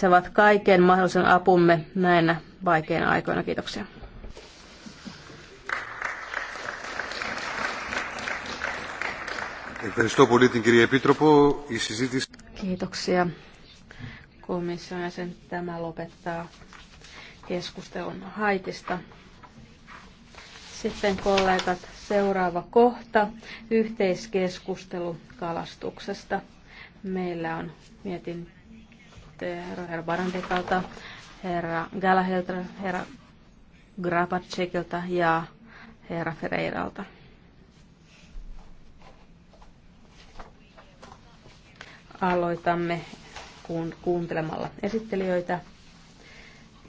tarvitsevat kaiken mahdollisen apumme näinä vaikeina aikoina. Kiitoksia. Kiitoksia komission jäsen. Tämä lopettaa keskustelun Haitista. Sitten kollegat, seuraava kohta, yhteiskeskustelu kalastuksesta. Meillä on mietin herra, herra Barandekalta, herra Galaheltra, herra Grabacekilta ja herra Ferreiralta. Aloitamme kuuntelemalla esittelijöitä.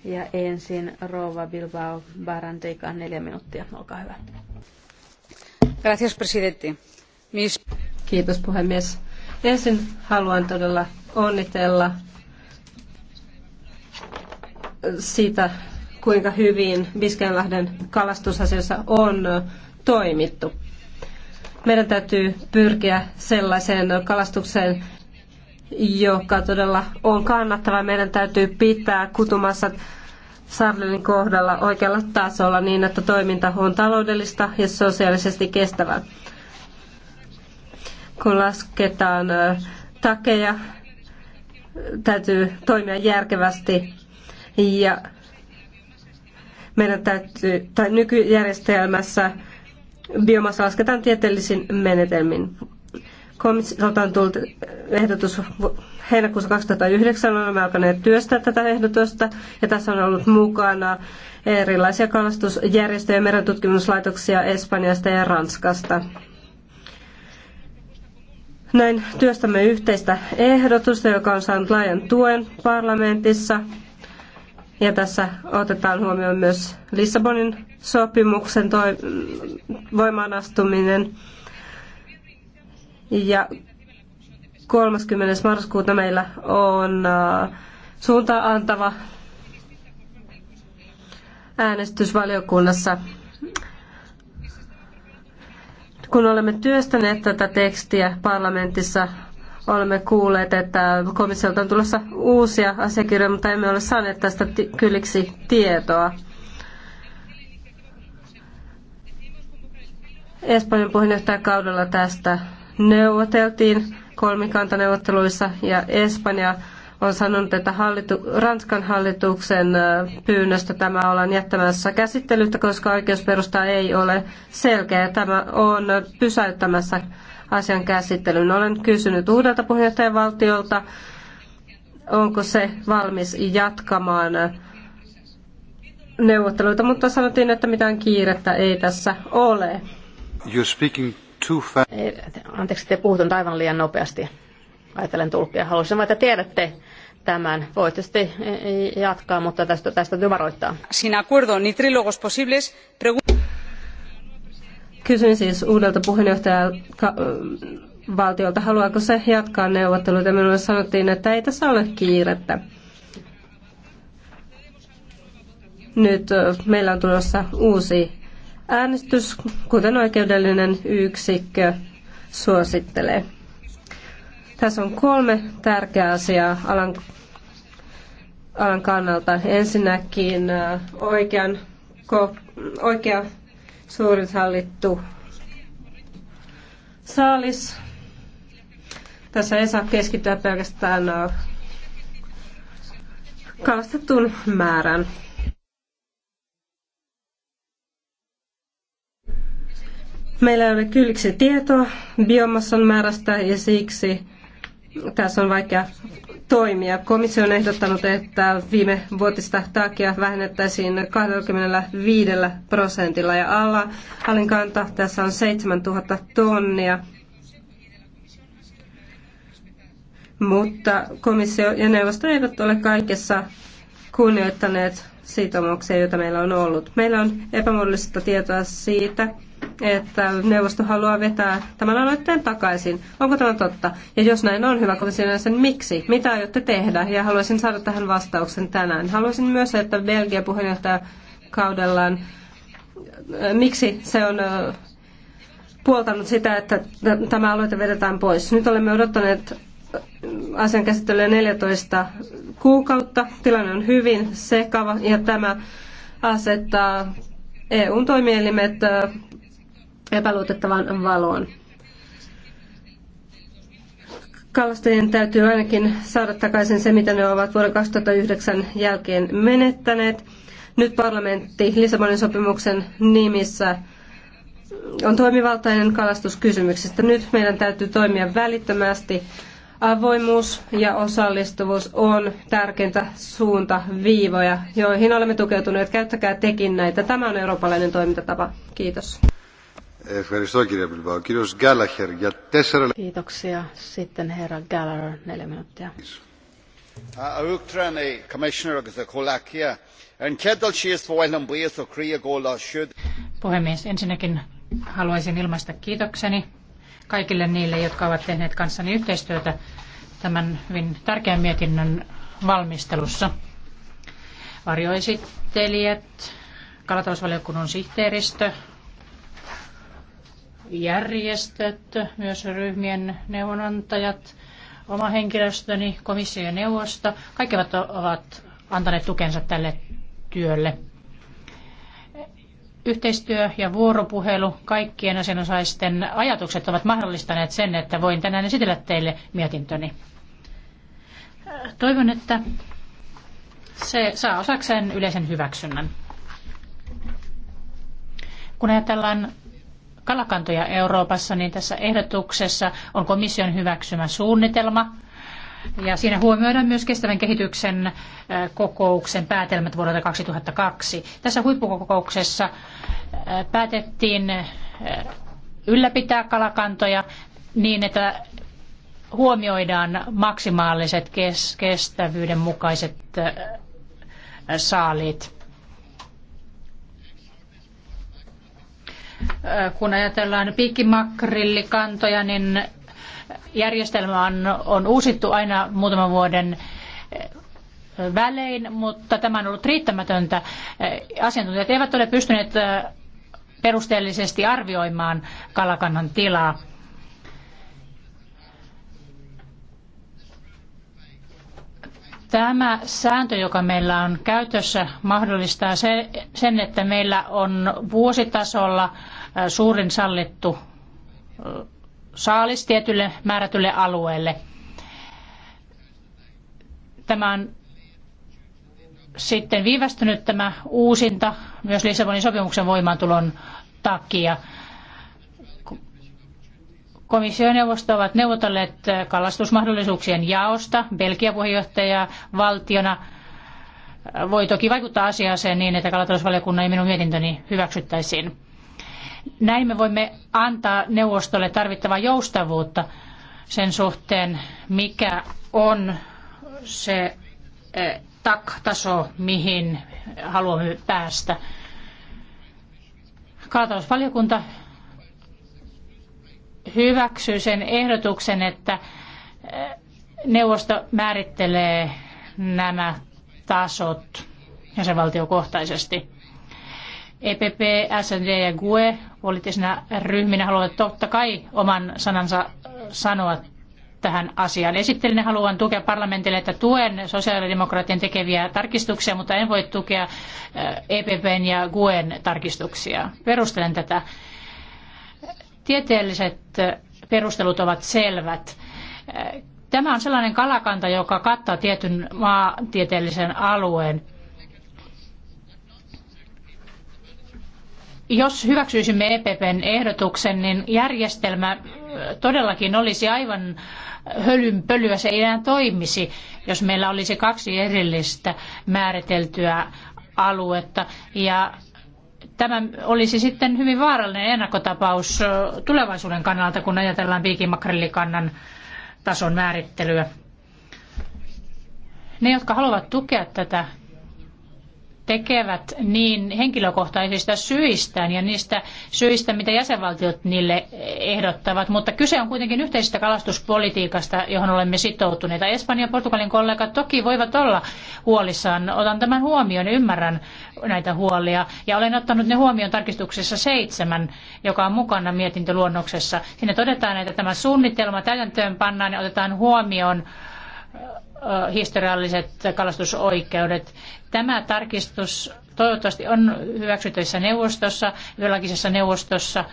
Ja ensin Rova Bilbao Barandeika, neljä minuuttia. Olkaa hyvä. Gracias, presidente. Mis... Kiitos puhemies. Ensin haluan todella onnitella siitä, kuinka hyvin Biskenlahden kalastusasiassa on toimittu. Meidän täytyy pyrkiä sellaiseen kalastukseen, joka todella on kannattava. Meidän täytyy pitää kutumassa Sardinin kohdalla oikealla tasolla niin, että toiminta on taloudellista ja sosiaalisesti kestävää. Kun lasketaan äh, takeja, täytyy toimia järkevästi ja meidän täytyy, tai nykyjärjestelmässä biomassa lasketaan tieteellisin menetelmin. Komissiolta on tullut ehdotus heinäkuussa 2009, olemme alkaneet työstää tätä ehdotusta ja tässä on ollut mukana erilaisia kalastusjärjestöjä, merentutkimuslaitoksia Espanjasta ja Ranskasta. Näin työstämme yhteistä ehdotusta, joka on saanut laajan tuen parlamentissa ja tässä otetaan huomioon myös Lissabonin sopimuksen toi, voimaanastuminen. Ja 30. marraskuuta meillä on äh, suuntaan antava äänestysvaliokunnassa. Kun olemme työstäneet tätä tekstiä parlamentissa, Olemme kuulleet, että komissiolta on tulossa uusia asiakirjoja, mutta emme ole saaneet tästä kylliksi tietoa. Espanjan puheenjohtajakaudella tästä neuvoteltiin kolmikantaneuvotteluissa ja Espanja on sanonut, että hallitu, Ranskan hallituksen pyynnöstä tämä ollaan jättämässä käsittelystä, koska oikeusperusta ei ole selkeä. Tämä on pysäyttämässä asian käsittelyyn. Olen kysynyt uudelta puheenjohtajavaltiolta, onko se valmis jatkamaan neuvotteluita, mutta sanottiin, että mitään kiirettä ei tässä ole. You're speaking too fast. Anteeksi, te puhut aivan liian nopeasti. Ajattelen tulkkia. Haluaisin vain, että tiedätte tämän. Voitte sitten eh, eh, jatkaa, mutta tästä, tästä täytyy varoittaa. Sin acuerdo ni trilogos posibles, pregun- Kysyn siis uudelta puheenjohtajalta valtiolta, haluaako se jatkaa neuvotteluita. Minulle sanottiin, että ei tässä ole kiirettä. Nyt meillä on tulossa uusi äänestys, kuten oikeudellinen yksikkö suosittelee. Tässä on kolme tärkeää asiaa alan, alan kannalta. Ensinnäkin oikean, ko, oikea Suuri hallittu saalis. Tässä ei saa keskittyä pelkästään kalastetun määrän. Meillä ei ole kylliksi tietoa biomassan määrästä ja siksi tässä on vaikea toimia. Komissio on ehdottanut, että viime vuotista takia vähennettäisiin 25 prosentilla ja alla, alin kanta tässä on 7000 tonnia. Mutta komissio ja neuvosto eivät ole kaikessa kunnioittaneet sitoumuksia, joita meillä on ollut. Meillä on epämuodollista tietoa siitä, että neuvosto haluaa vetää tämän aloitteen takaisin. Onko tämä totta? Ja jos näin on, hyvä komissio, sen miksi? Mitä aiotte tehdä? Ja haluaisin saada tähän vastauksen tänään. Haluaisin myös, että Belgia kaudellaan äh, miksi se on äh, puoltanut sitä, että tämä aloite vedetään pois. Nyt olemme odottaneet äh, asian käsittelyä 14 kuukautta. Tilanne on hyvin sekava ja tämä asettaa EUn toimielimet epäluotettavaan valoon. Kalastajien täytyy ainakin saada takaisin se, mitä ne ovat vuoden 2009 jälkeen menettäneet. Nyt parlamentti Lissabonin sopimuksen nimissä on toimivaltainen kalastuskysymyksistä. Nyt meidän täytyy toimia välittömästi. Avoimuus ja osallistuvuus on tärkeintä suunta viivoja, joihin olemme tukeutuneet. Käyttäkää tekin näitä. Tämä on eurooppalainen toimintatapa. Kiitos. Kiitoksia. Sitten herra Gallagher, neljä minuuttia. Uachtaránna commissioner agus a cholakia an ceadal síos bhil an buíos ó crí agóla siúd. Puhemies, ensinnäkin haluaisin ilmaista kiitokseni kaikille niille, jotka ovat tehneet kanssani yhteistyötä tämän hyvin tärkeän mietinnön valmistelussa. Varjoesittelijät, kalatalousvaliokunnan sihteeristö, järjestöt, myös ryhmien neuvonantajat, oma henkilöstöni, komissio ja neuvosto, kaikki ovat antaneet tukensa tälle työlle. Yhteistyö ja vuoropuhelu, kaikkien asianosaisten ajatukset ovat mahdollistaneet sen, että voin tänään esitellä teille mietintöni. Toivon, että se saa osakseen yleisen hyväksynnän. Kun ajatellaan kalakantoja Euroopassa, niin tässä ehdotuksessa on komission hyväksymä suunnitelma. Ja siinä huomioidaan myös kestävän kehityksen kokouksen päätelmät vuodelta 2002. Tässä huippukokouksessa päätettiin ylläpitää kalakantoja niin, että huomioidaan maksimaaliset kestävyyden mukaiset saaliit. Äh, kun ajatellaan piikkimakrillikantoja, niin järjestelmä on, on uusittu aina muutaman vuoden äh, välein, mutta tämä on ollut riittämätöntä. Äh, asiantuntijat eivät ole pystyneet perusteellisesti arvioimaan kalakannan tilaa. Tämä sääntö, joka meillä on käytössä, mahdollistaa sen, että meillä on vuositasolla äh, suurin sallittu äh, saalis tietylle määrätylle alueelle. Tämä on sitten viivästynyt tämä uusinta myös Lissabonin sopimuksen voimaantulon takia. Komissio ja neuvosto ovat neuvotelleet eh, kalastusmahdollisuuksien jaosta. Belgia puheenjohtaja valtiona eh, voi toki vaikuttaa asiaan niin, että kalatalousvaliokunnan ja minun mietintöni hyväksyttäisiin. Näin me voimme antaa neuvostolle tarvittavaa joustavuutta sen suhteen, mikä on se eh, TAK-taso, mihin haluamme päästä. Kalatalousvaliokunta hyväksyy sen ehdotuksen, että eh, neuvosto määrittelee nämä tasot jäsenvaltiokohtaisesti. EPP, SND ja GUE poliittisina ryhminä haluavat totta kai oman sanansa eh, sanoa tähän asiaan. Esittelinä haluan tukea parlamentille, että tuen sosiaalidemokraattien tekeviä tarkistuksia, mutta en voi tukea EPPn eh, e ja GUEn tarkistuksia. Perustelen tätä. Tieteelliset perustelut ovat selvät. Tämä on sellainen kalakanta, joka kattaa tietyn maantieteellisen alueen. Jos hyväksyisimme EPPn ehdotuksen, niin järjestelmä todellakin olisi aivan hölynpölyä, se ei enää toimisi, jos meillä olisi kaksi erillistä määriteltyä aluetta. Ja Tämä olisi sitten hyvin vaarallinen ennakkotapaus tulevaisuuden kannalta, kun ajatellaan piikimakrellikannan tason määrittelyä. Ne, jotka haluavat tukea tätä tekevät niin henkilökohtaisista syistään ja niistä syistä, mitä jäsenvaltiot niille ehdottavat, mutta kyse on kuitenkin yhteisestä kalastuspolitiikasta, johon olemme sitoutuneita. Espanjan ja Portugalin kollegat toki voivat olla huolissaan. Otan tämän huomioon ja ymmärrän näitä huolia. Ja olen ottanut ne huomioon tarkistuksessa seitsemän, joka on mukana mietintöluonnoksessa. Siinä todetaan, että tämä suunnitelma täytäntöön pannaan ja otetaan huomioon historialliset kalastusoikeudet. Tämä tarkistus toivottavasti on hyväksytyissä neuvostossa, yölakisessa neuvostossa,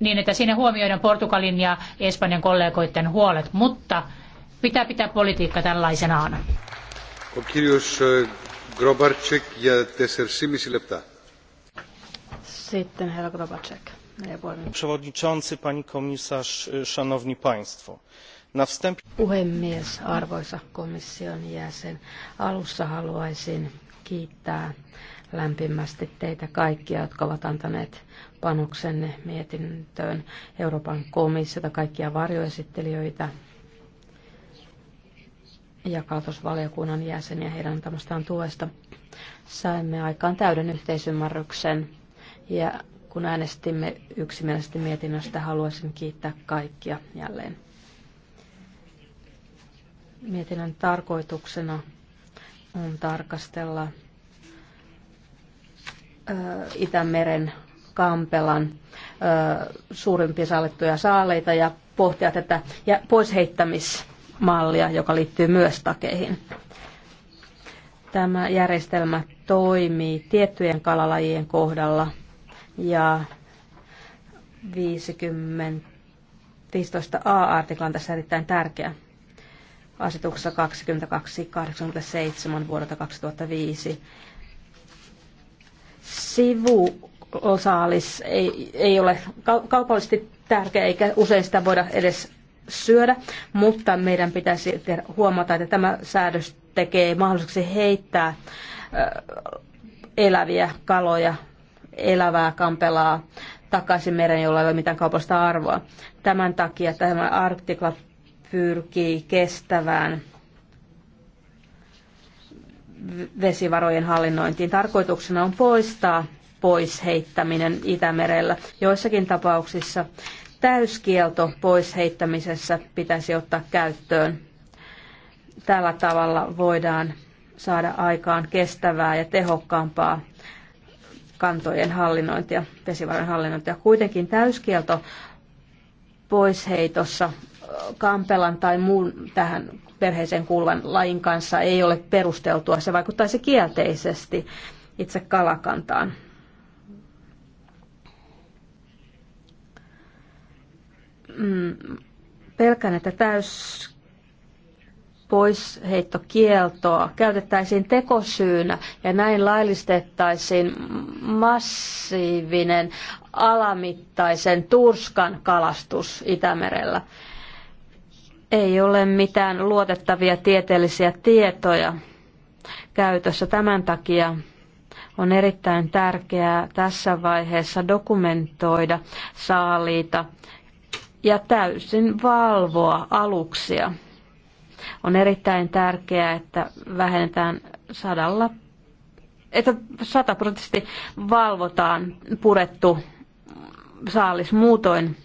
niin että siinä huomioidaan Portugalin ja Espanjan kollegoiden huolet, mutta pitää pitää politiikka tällaisenaan. Grobarczyk ja 4,5 lepta. Sitten herra Grobarczyk. Panie przewodniczący, pani komisarz, szanowni państwo. Na wstęp... Puhemies, arvoisa komission jäsen, alussa haluaisin kiittää lämpimästi teitä kaikkia, jotka ovat antaneet panoksenne mietintöön Euroopan komissiota, kaikkia varjoesittelijöitä ja kalatalousvaliokunnan jäseniä heidän antamastaan tuesta. Saimme aikaan täyden yhteisymmärryksen ja kun äänestimme yksimielisesti mietinnöstä, haluaisin kiittää kaikkia jälleen. Mietinnän tarkoituksena on tarkastella Itämeren kampelan suurimpia sallittuja saaleita ja pohtia tätä poisheittämismallia, joka liittyy myös takeihin. Tämä järjestelmä toimii tiettyjen kalalajien kohdalla ja 50, 15a-artikla on tässä erittäin tärkeä asetuksessa 2287 vuodelta 2005. Sivuosaalis ei, ei ole kaupallisesti tärkeä eikä usein sitä voida edes syödä, mutta meidän pitäisi huomata, että tämä säädös tekee mahdolliseksi heittää eläviä kaloja, elävää kampelaa takaisin meren, jolla ei ole mitään kaupallista arvoa. Tämän takia tämä artikla pyrkii kestävään vesivarojen hallinnointiin. Tarkoituksena on poistaa pois heittäminen Itämerellä. Joissakin tapauksissa täyskielto pois heittämisessä pitäisi ottaa käyttöön. Tällä tavalla voidaan saada aikaan kestävää ja tehokkaampaa kantojen hallinnointia, vesivarojen hallinnointia. Kuitenkin täyskielto poisheitossa kampelan tai muun tähän perheeseen kuuluvan lajin kanssa ei ole perusteltua. Se vaikuttaisi kielteisesti itse kalakantaan. Mm, pelkään, että täys poisheittokieltoa käytettäisiin tekosyynä ja näin laillistettaisiin massiivinen alamittaisen turskan kalastus Itämerellä ei ole mitään luotettavia tieteellisiä tietoja käytössä. Tämän takia on erittäin tärkeää tässä vaiheessa dokumentoida saaliita ja täysin valvoa aluksia. On erittäin tärkeää, että vähennetään sadalla, että sataprosenttisesti valvotaan purettu saalis. Muutoin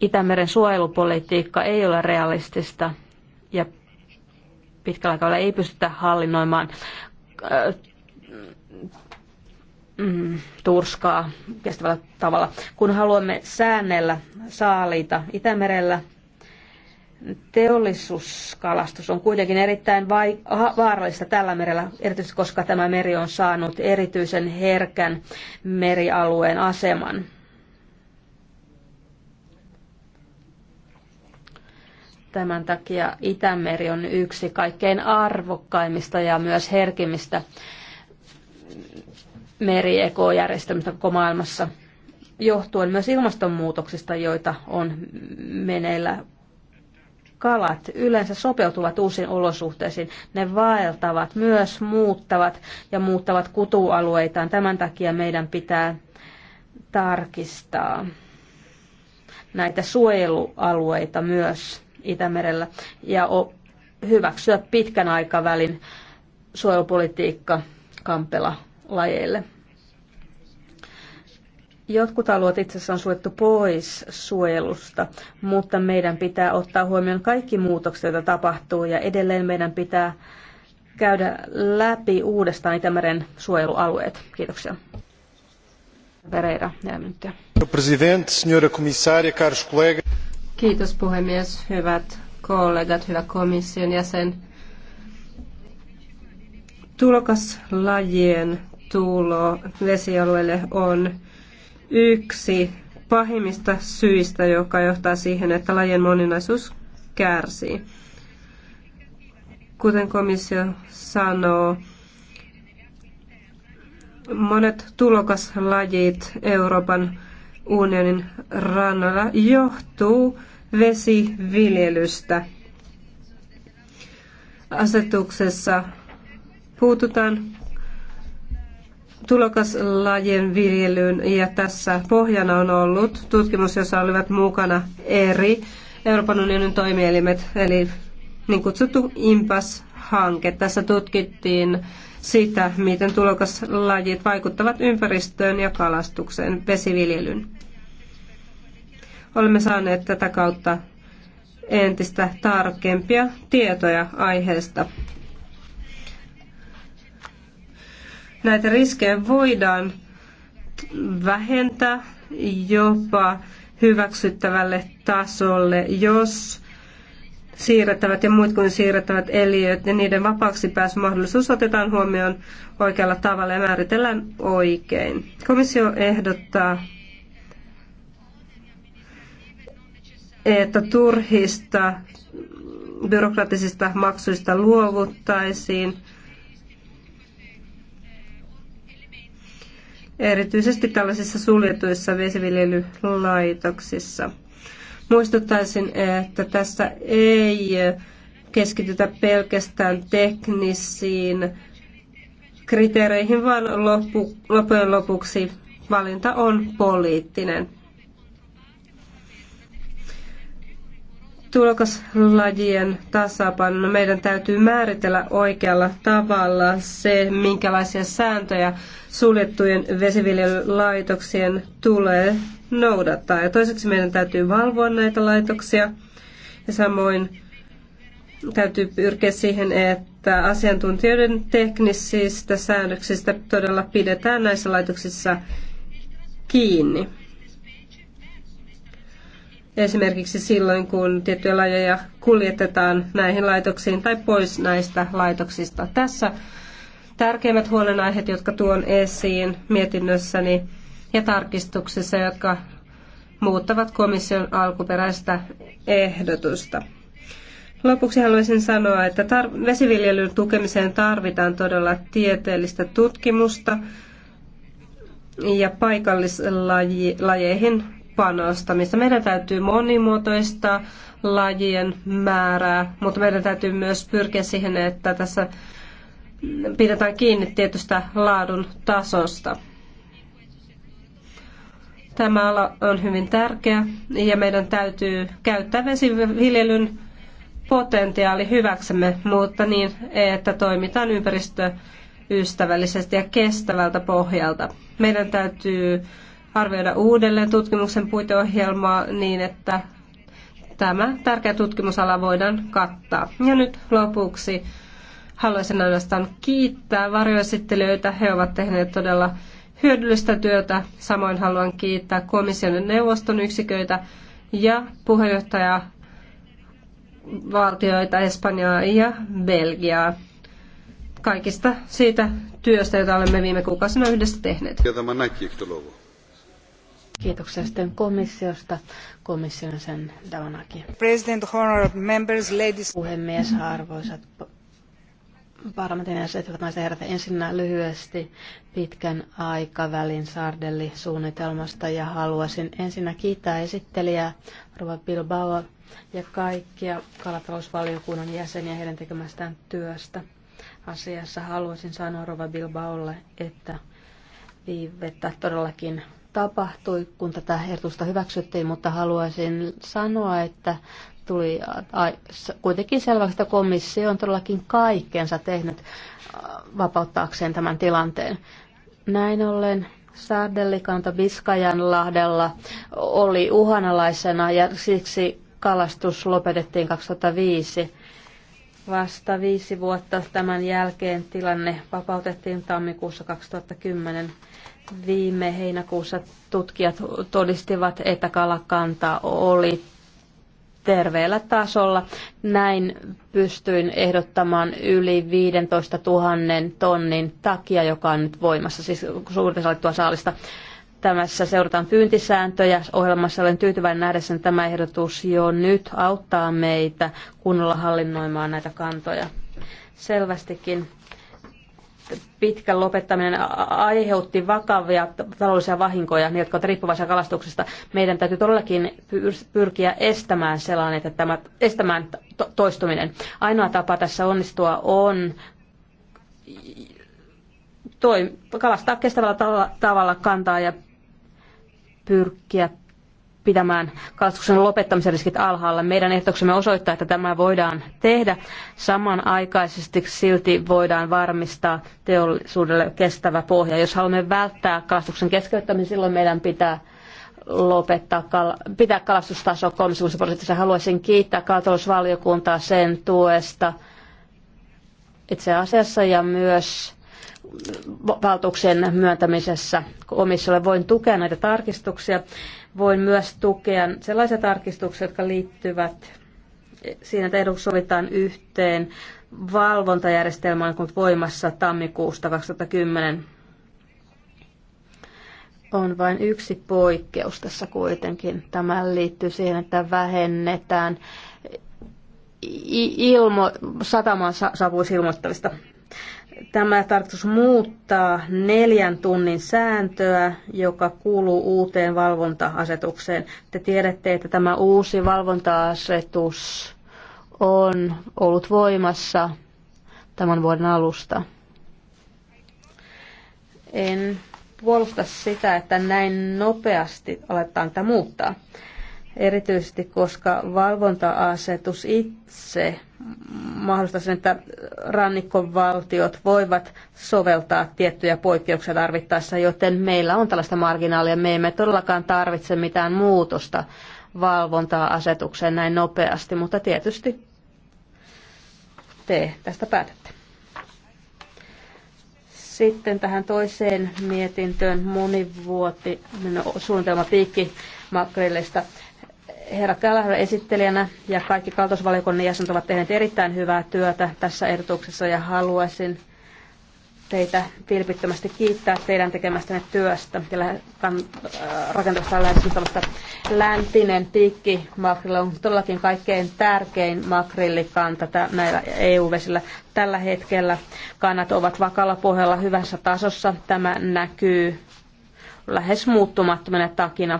Itämeren suojelupolitiikka ei ole realistista ja pitkällä aikavälillä ei pystytä hallinnoimaan mm, turskaa kestävällä tavalla. Kun haluamme säännellä saaliita Itämerellä, teollisuuskalastus on kuitenkin erittäin vai- vaarallista tällä merellä, erityisesti koska tämä meri on saanut erityisen herkän merialueen aseman. Tämän takia Itämeri on yksi kaikkein arvokkaimmista ja myös herkimmistä meriekojärjestelmistä koko maailmassa, johtuen myös ilmastonmuutoksista, joita on meneillä. Kalat yleensä sopeutuvat uusiin olosuhteisiin. Ne vaeltavat, myös muuttavat ja muuttavat kutualueitaan. Tämän takia meidän pitää tarkistaa näitä suojelualueita myös Itämerellä ja hyväksyä pitkän aikavälin suojelupolitiikka kampela lajeille. Jotkut alueet itse asiassa on suojattu pois suojelusta, mutta meidän pitää ottaa huomioon kaikki muutokset, joita tapahtuu, ja edelleen meidän pitää käydä läpi uudestaan Itämeren suojelualueet. Kiitoksia. Pereira, minuuttia. Kiitos puhemies, hyvät kollegat, hyvä komission jäsen. Tulokaslajien tulo vesialueelle on yksi pahimmista syistä, joka johtaa siihen, että lajien moninaisuus kärsii. Kuten komissio sanoo, monet tulokaslajit Euroopan unionin rannalla johtuu vesiviljelystä. Asetuksessa puututaan tulokaslajien viljelyyn ja tässä pohjana on ollut tutkimus, jossa olivat mukana eri Euroopan unionin toimielimet, eli niin kutsuttu IMPAS-hanke. Tässä tutkittiin sitä, miten tulokaslajit vaikuttavat ympäristöön ja kalastukseen, vesiviljelyyn olemme saaneet tätä kautta entistä tarkempia tietoja aiheesta. Näitä riskejä voidaan vähentää jopa hyväksyttävälle tasolle, jos siirrettävät ja muut kuin siirrettävät eliöt ja niiden vapaaksi pääsymahdollisuus otetaan huomioon oikealla tavalla ja määritellään oikein. Komissio ehdottaa että turhista byrokraattisista maksuista luovuttaisiin. Erityisesti tällaisissa suljetuissa vesiviljelylaitoksissa. Muistuttaisin, että tässä ei keskitytä pelkästään teknisiin kriteereihin, vaan loppujen lopuksi valinta on poliittinen. tulokaslajien tasapaino. Meidän täytyy määritellä oikealla tavalla se, minkälaisia sääntöjä suljettujen vesiviljelylaitoksien tulee noudattaa. Ja toiseksi meidän täytyy valvoa näitä laitoksia ja samoin täytyy pyrkiä siihen, että asiantuntijoiden teknisistä säännöksistä todella pidetään näissä laitoksissa kiinni. Esimerkiksi silloin, kun tiettyjä lajeja kuljetetaan näihin laitoksiin tai pois näistä laitoksista. Tässä tärkeimmät huolenaiheet, jotka tuon esiin mietinnössäni ja tarkistuksissa, jotka muuttavat komission alkuperäistä ehdotusta. Lopuksi haluaisin sanoa, että tar- vesiviljelyn tukemiseen tarvitaan todella tieteellistä tutkimusta ja paikallislajeihin panostamista. Meidän täytyy monimuotoista lajien määrää, mutta meidän täytyy myös pyrkiä siihen, että tässä pidetään kiinni tietystä laadun tasosta. Tämä ala on hyvin tärkeä ja meidän täytyy käyttää vesiviljelyn potentiaali hyväksemme, mutta niin, että toimitaan ympäristöystävällisesti ja kestävältä pohjalta. Meidän täytyy arvioida uudelleen tutkimuksen puiteohjelmaa niin, että tämä tärkeä tutkimusala voidaan kattaa. Ja nyt lopuksi haluaisin ainoastaan kiittää varjoesittelijöitä. He ovat tehneet todella hyödyllistä työtä. Samoin haluan kiittää komission ja neuvoston yksiköitä ja puheenjohtaja valtioita Espanjaa ja Belgiaa kaikista siitä työstä, jota olemme viime kuukausina yhdessä tehneet. Kiitoksia sitten komissiosta. Komission sen Davanaki. President, honorable members, ladies. Puhemies, arvoisat parlamentin jäsenet, naiset herrat, ensinnä lyhyesti pitkän aikavälin Sardelli-suunnitelmasta ja haluaisin ensinnä kiittää esittelijää Rova Bilbao ja kaikkia kalatalousvaliokunnan jäseniä heidän tekemästään työstä. Asiassa haluaisin sanoa Rova Bilbaolle, että viivettä todellakin tapahtui, kun tätä ehdotusta hyväksyttiin, mutta haluaisin sanoa, että tuli kuitenkin selväksi, että komissio on todellakin kaikkensa tehnyt vapauttaakseen tämän tilanteen. Näin ollen Sardellikanta Biskajanlahdella oli uhanalaisena ja siksi kalastus lopetettiin 2005. Vasta viisi vuotta tämän jälkeen tilanne vapautettiin tammikuussa 2010. Viime heinäkuussa tutkijat todistivat, että kalakanta oli terveellä tasolla. Näin pystyin ehdottamaan yli 15 000 tonnin takia, joka on nyt voimassa, siis suurta sallittua saalista. Tämässä seurataan pyyntisääntöjä. Ohjelmassa olen tyytyväinen nähdessäni tämä ehdotus jo nyt auttaa meitä kunnolla hallinnoimaan näitä kantoja. Selvästikin pitkän lopettaminen aiheutti vakavia taloudellisia vahinkoja, ne, jotka ovat riippuvaisia kalastuksesta. Meidän täytyy todellakin pyrkiä estämään sellainen, että tämä, estämään toistuminen. Ainoa tapa tässä onnistua on toi, kalastaa kestävällä tavalla kantaa ja pyrkiä pitämään kalastuksen lopettamisen riskit alhaalla. Meidän ehdotuksemme osoittaa, että tämä voidaan tehdä. Samanaikaisesti silti voidaan varmistaa teollisuudelle kestävä pohja. Jos haluamme välttää kalastuksen keskeyttämisen, silloin meidän pitää lopettaa, pitää kalastustaso 30 prosentissa. Haluaisin kiittää kalatalousvaliokuntaa sen tuesta itse asiassa ja myös valtuuksien myöntämisessä komissiolle. Voin tukea näitä tarkistuksia. Voin myös tukea sellaisia tarkistuksia, jotka liittyvät siinä, että edut sovitaan yhteen valvontajärjestelmä on ollut voimassa tammikuusta 2010. On vain yksi poikkeus tässä kuitenkin. Tämä liittyy siihen, että vähennetään ilmo, satamaan ilmoittavista. Tämä tarkoitus muuttaa neljän tunnin sääntöä, joka kuuluu uuteen valvonta-asetukseen. Te tiedätte, että tämä uusi valvonta-asetus on ollut voimassa tämän vuoden alusta. En puolusta sitä, että näin nopeasti aletaan tätä muuttaa erityisesti koska valvonta-asetus itse mahdollistaa sen, että rannikon valtiot voivat soveltaa tiettyjä poikkeuksia tarvittaessa, joten meillä on tällaista marginaalia. Me emme todellakaan tarvitse mitään muutosta valvonta asetukseen näin nopeasti, mutta tietysti te tästä päätätte. Sitten tähän toiseen mietintöön monivuotinen suunnitelma piikkimakrelista herra Kälärä esittelijänä ja kaikki kaltoisvaliokunnan jäsenet ovat tehneet erittäin hyvää työtä tässä ehdotuksessa ja haluaisin teitä vilpittömästi kiittää teidän tekemästänne työstä ja äh, rakentavasta lähestymistavasta. Läntinen piikki makrilla on todellakin kaikkein tärkein makrillikanta näillä EU-vesillä. Tällä hetkellä kannat ovat vakalla pohjalla hyvässä tasossa. Tämä näkyy lähes muuttumattomana takina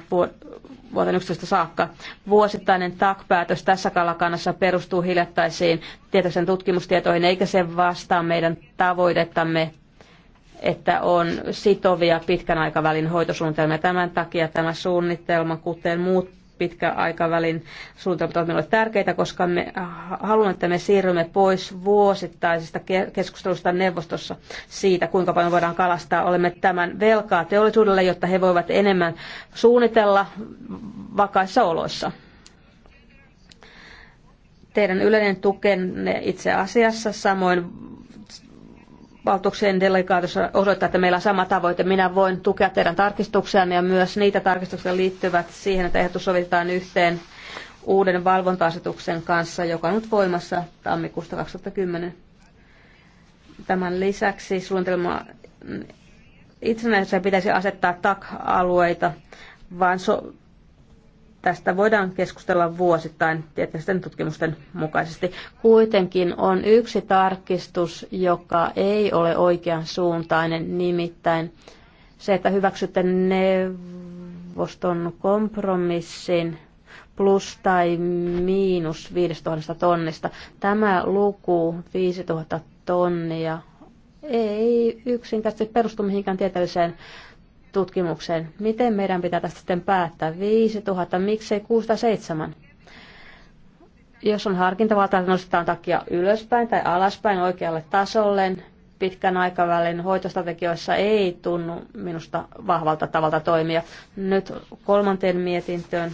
vuoteen 11 saakka. Vuosittainen TAK-päätös tässä kalakannassa perustuu hiljattaisiin tietoisen tutkimustietoihin, eikä se vastaa meidän tavoitettamme että on sitovia pitkän aikavälin hoitosuunnitelmia. Tämän takia tämä suunnitelma, kuten muut pitkän aikavälin suunnitelmat ovat meille tärkeitä, koska me äh, haluamme, että me siirrymme pois vuosittaisista keskustelusta neuvostossa siitä, kuinka paljon voidaan kalastaa. Olemme tämän velkaa teollisuudelle, jotta he voivat enemmän suunnitella vakaissa oloissa. Teidän yleinen tukenne itse asiassa, samoin valtuuksien delegaatiossa osoittaa, että meillä on sama tavoite. Minä voin tukea teidän tarkistuksianne ja myös niitä tarkistuksia liittyvät siihen, että ehdotus sovitetaan yhteen uuden valvontaasetuksen kanssa, joka on nyt voimassa tammikuusta 2010. Tämän lisäksi suunnitelma itsenäisesti pitäisi asettaa TAK-alueita, vaan so- Tästä voidaan keskustella vuosittain tieteellisten tutkimusten mukaisesti. Kuitenkin on yksi tarkistus, joka ei ole oikean suuntainen, nimittäin se, että hyväksytte neuvoston kompromissin plus tai miinus 5000 tonnista. Tämä luku 5000 tonnia ei yksinkertaisesti perustu mihinkään tieteelliseen tutkimukseen. Miten meidän pitää tästä sitten päättää? 5000, miksei 607? Jos on harkintavalta, niin nostetaan takia ylöspäin tai alaspäin oikealle tasolle Pitkän aikavälin hoitostrategioissa ei tunnu minusta vahvalta tavalta toimia. Nyt kolmanteen mietintöön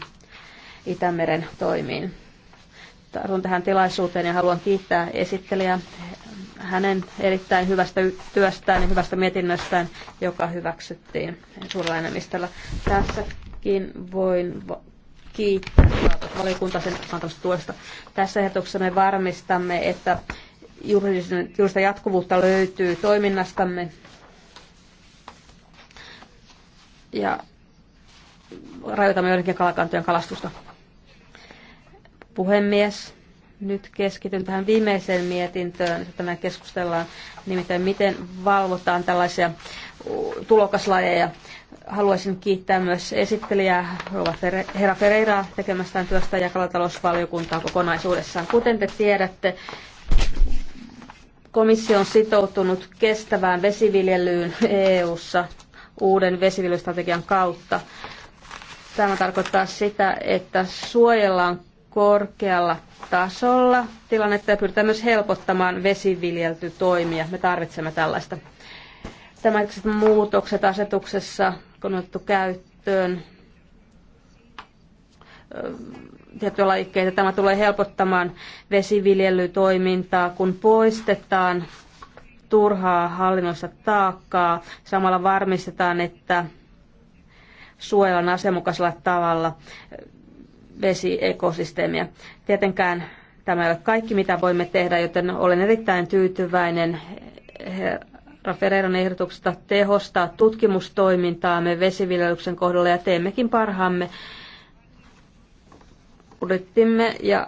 Itämeren toimiin tartun tähän tilaisuuteen ja haluan kiittää esittelijä hänen erittäin hyvästä työstään ja hyvästä mietinnöstään, joka hyväksyttiin suurella enemmistöllä. Tässäkin voin kiittää valiokunta sen antamasta tuesta. Tässä ehdotuksessa me varmistamme, että juridista jatkuvuutta löytyy toiminnastamme ja rajoitamme joidenkin kalakantojen kalastusta. Puhemies, nyt keskityn tähän viimeiseen mietintöön, että me keskustellaan, nimittäin miten valvotaan tällaisia tulokaslajeja. Haluaisin kiittää myös esittelijää Herra Ferreiraa tekemästään työstä ja kalatalousvaliokuntaa kokonaisuudessaan. Kuten te tiedätte, komissio on sitoutunut kestävään vesiviljelyyn EU-ssa uuden vesiviljelystrategian kautta. Tämä tarkoittaa sitä, että suojellaan korkealla tasolla tilannetta ja pyritään myös helpottamaan vesiviljeltytoimia. Me tarvitsemme tällaista. Tämä muutokset asetuksessa on otettu käyttöön tiettyjä lajikkeita. Tämä tulee helpottamaan vesiviljelytoimintaa, kun poistetaan turhaa hallinnosta taakkaa. Samalla varmistetaan, että suojellaan asianmukaisella tavalla vesiekosysteemiä. Tietenkään tämä ei ole kaikki, mitä voimme tehdä, joten olen erittäin tyytyväinen herra Ferreiran ehdotuksesta tehostaa tutkimustoimintaamme vesiviljelyksen kohdalla ja teemmekin parhaamme budjettimme ja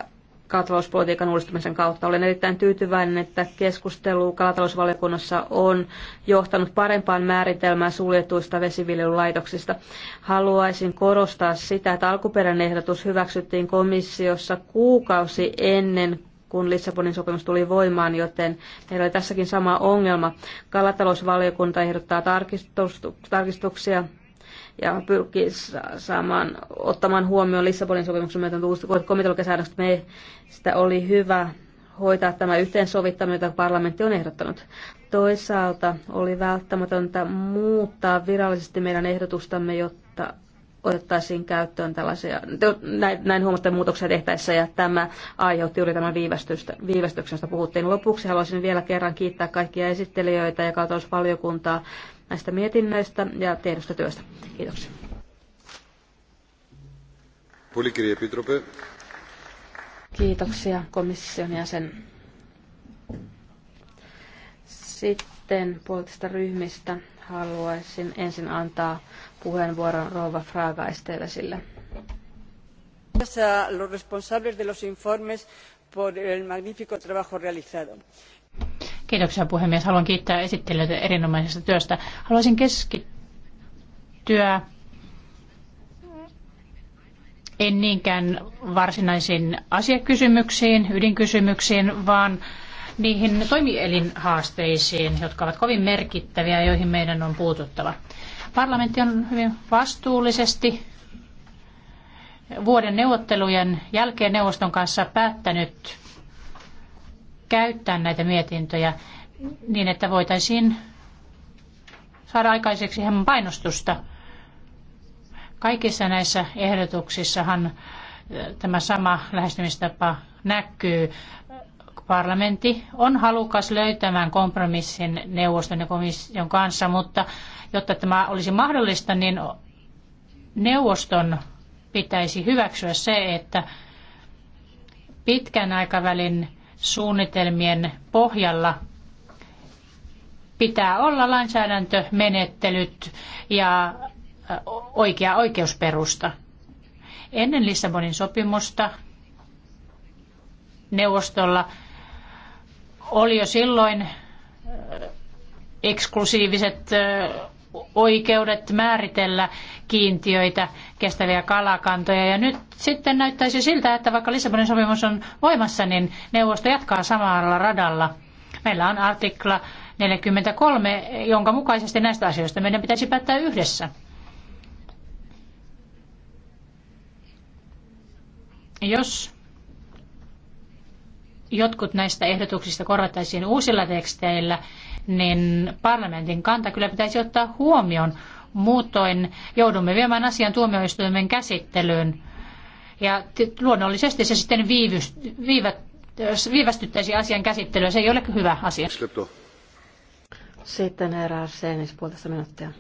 kalatalouspolitiikan uudistamisen kautta. Olen erittäin tyytyväinen, että keskustelu kalatalousvaliokunnassa on johtanut parempaan määritelmään suljetuista vesiviljelylaitoksista. Haluaisin korostaa sitä, että alkuperäinen ehdotus hyväksyttiin komissiossa kuukausi ennen kun Lissabonin sopimus tuli voimaan, joten meillä oli tässäkin sama ongelma. Kalatalousvaliokunta ehdottaa tarkistuksia ja pyrkii saamaan, ottamaan huomioon Lissabonin sopimuksen myötä uusi Me Meistä oli hyvä hoitaa tämä yhteensovittaminen, jota parlamentti on ehdottanut. Toisaalta oli välttämätöntä muuttaa virallisesti meidän ehdotustamme, jotta otettaisiin käyttöön tällaisia, näin, näin huomattavia muutoksia tehtäessä, ja tämä aiheutti juuri tämän viivästyksestä puhuttiin. Lopuksi haluaisin vielä kerran kiittää kaikkia esittelijöitä ja valiokuntaa näistä mietinnöistä ja tehdystä työstä. Kiitoksia. Kiitoksia komission jäsen. Sitten poliittisista ryhmistä haluaisin ensin antaa puheenvuoron Rova Fraga Estelesille. a los responsables de los informes por el magnífico trabajo realizado. Kiitoksia puhemies. Haluan kiittää esittelijöitä erinomaisesta työstä. Haluaisin keskittyä en niinkään varsinaisiin asiakysymyksiin, ydinkysymyksiin, vaan niihin toimielinhaasteisiin, jotka ovat kovin merkittäviä ja joihin meidän on puututtava. Parlamentti on hyvin vastuullisesti vuoden neuvottelujen jälkeen neuvoston kanssa päättänyt käyttää näitä mietintöjä niin, että voitaisiin saada aikaiseksi hieman painostusta. Kaikissa näissä ehdotuksissahan eh, tämä sama lähestymistapa näkyy. Parlamentti on halukas löytämään kompromissin neuvoston ja komission kanssa, mutta jotta tämä olisi mahdollista, niin neuvoston pitäisi hyväksyä se, että pitkän aikavälin suunnitelmien pohjalla pitää olla lainsäädäntömenettelyt ja oikea oikeusperusta. Ennen Lissabonin sopimusta neuvostolla oli jo silloin eksklusiiviset oikeudet määritellä kiintiöitä, kestäviä kalakantoja. Ja nyt sitten näyttäisi siltä, että vaikka Lissabonin sopimus on voimassa, niin neuvosto jatkaa samalla radalla. Meillä on artikla 43, jonka mukaisesti näistä asioista meidän pitäisi päättää yhdessä. Jos jotkut näistä ehdotuksista korvattaisiin uusilla teksteillä, niin parlamentin kanta kyllä pitäisi ottaa huomioon. Muutoin joudumme viemään asian tuomioistuimen käsittelyyn. Ja luonnollisesti se sitten viivyst, viivät, viivästyttäisi asian käsittelyä. Se ei ole hyvä asia. Sitten herra Arsenis, puolitoista minuuttia.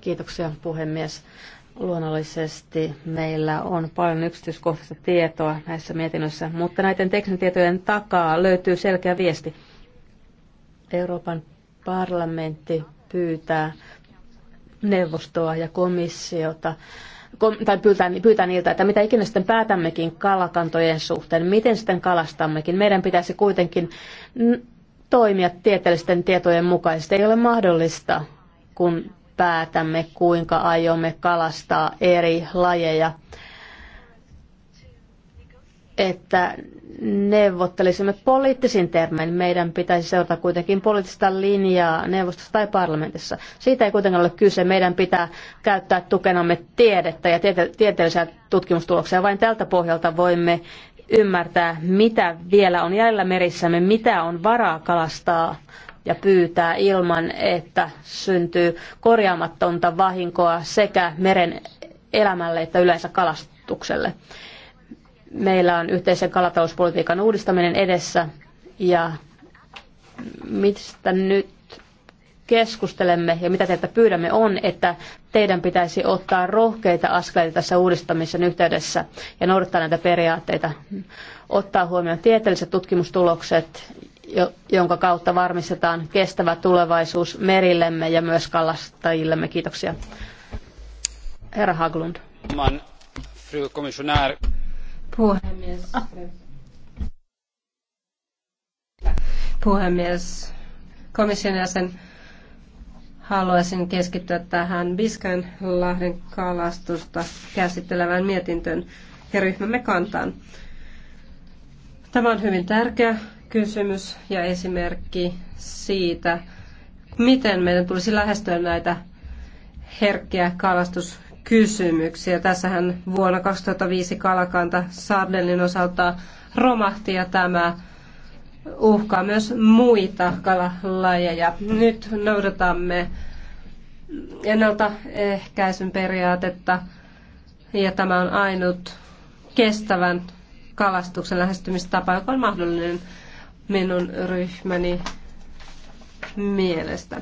Kiitoksia puhemies. Luonnollisesti meillä on paljon yksityiskohtaista tietoa näissä mietinnöissä, mutta näiden tietojen takaa löytyy selkeä viesti. Euroopan parlamentti pyytää neuvostoa ja komissiota tai pyytää, pyytää niiltä, että mitä ikinä sitten päätämmekin kalakantojen suhteen, miten sitten kalastammekin, meidän pitäisi kuitenkin toimia tieteellisten tietojen mukaisesti. Ei ole mahdollista, kun päätämme, kuinka aiomme kalastaa eri lajeja, että neuvottelisimme poliittisin termein. Meidän pitäisi seurata kuitenkin poliittista linjaa neuvostossa tai parlamentissa. Siitä ei kuitenkaan ole kyse. Meidän pitää käyttää tukenamme tiedettä ja tiete- tieteellisiä tutkimustuloksia. Vain tältä pohjalta voimme ymmärtää, mitä vielä on jäljellä merissämme, mitä on varaa kalastaa ja pyytää ilman, että syntyy korjaamatonta vahinkoa sekä meren elämälle että yleensä kalastukselle. Meillä on yhteisen kalatalouspolitiikan uudistaminen edessä ja mistä nyt keskustelemme ja mitä teiltä pyydämme on, että teidän pitäisi ottaa rohkeita askeleita tässä uudistamisen yhteydessä ja noudattaa näitä periaatteita, ottaa huomioon tieteelliset tutkimustulokset jonka kautta varmistetaan kestävä tulevaisuus merillemme ja myös kalastajillemme. Kiitoksia. Herra Haglund. Puhemies. Ah. Puhemies. Komission jäsen haluaisin keskittyä tähän Biskanlahden kalastusta käsittelevään mietintöön ja ryhmämme kantaan. Tämä on hyvin tärkeä kysymys ja esimerkki siitä, miten meidän tulisi lähestyä näitä herkkiä kalastuskysymyksiä. Tässähän vuonna 2005 kalakanta Sardellin osalta romahti ja tämä uhkaa myös muita kalalajeja. Nyt noudatamme ennaltaehkäisyn periaatetta ja tämä on ainut kestävän kalastuksen lähestymistapa, joka on mahdollinen minun ryhmäni mielestä.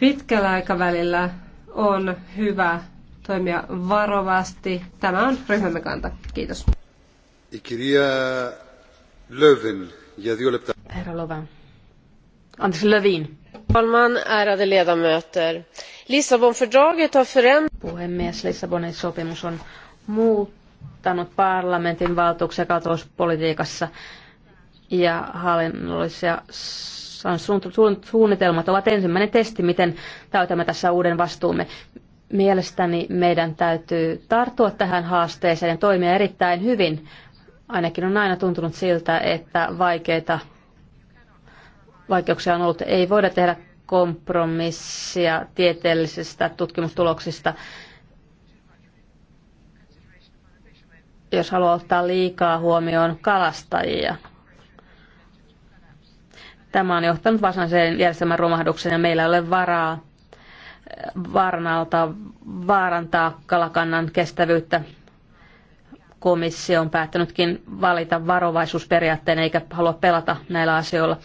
Pitkällä aikavälillä on hyvä toimia varovasti. Tämä on ryhmämme kanta. Kiitos. Kirja Löven ja Herra Löven. Anteeksi, Lövin. Talman, ärade ledamöter. Lissabonfördraget har förändrat... Puhemies, Lissabonin sopimus on muuttanut parlamentin valtuuksia kaatouspolitiikassa ja hallinnollisia suunnitelmat ovat ensimmäinen testi, miten täytämme tässä uuden vastuumme. Mielestäni meidän täytyy tarttua tähän haasteeseen ja toimia erittäin hyvin. Ainakin on aina tuntunut siltä, että vaikeita vaikeuksia on ollut. Ei voida tehdä kompromissia tieteellisistä tutkimustuloksista. jos haluaa ottaa liikaa huomioon kalastajia. Tämä on johtanut varsinaiseen järjestelmän romahdukseen ja meillä ei ole varaa eh, varnalta vaarantaa kalakannan kestävyyttä. Komissio on päättänytkin valita varovaisuusperiaatteen eikä halua pelata näillä asioilla.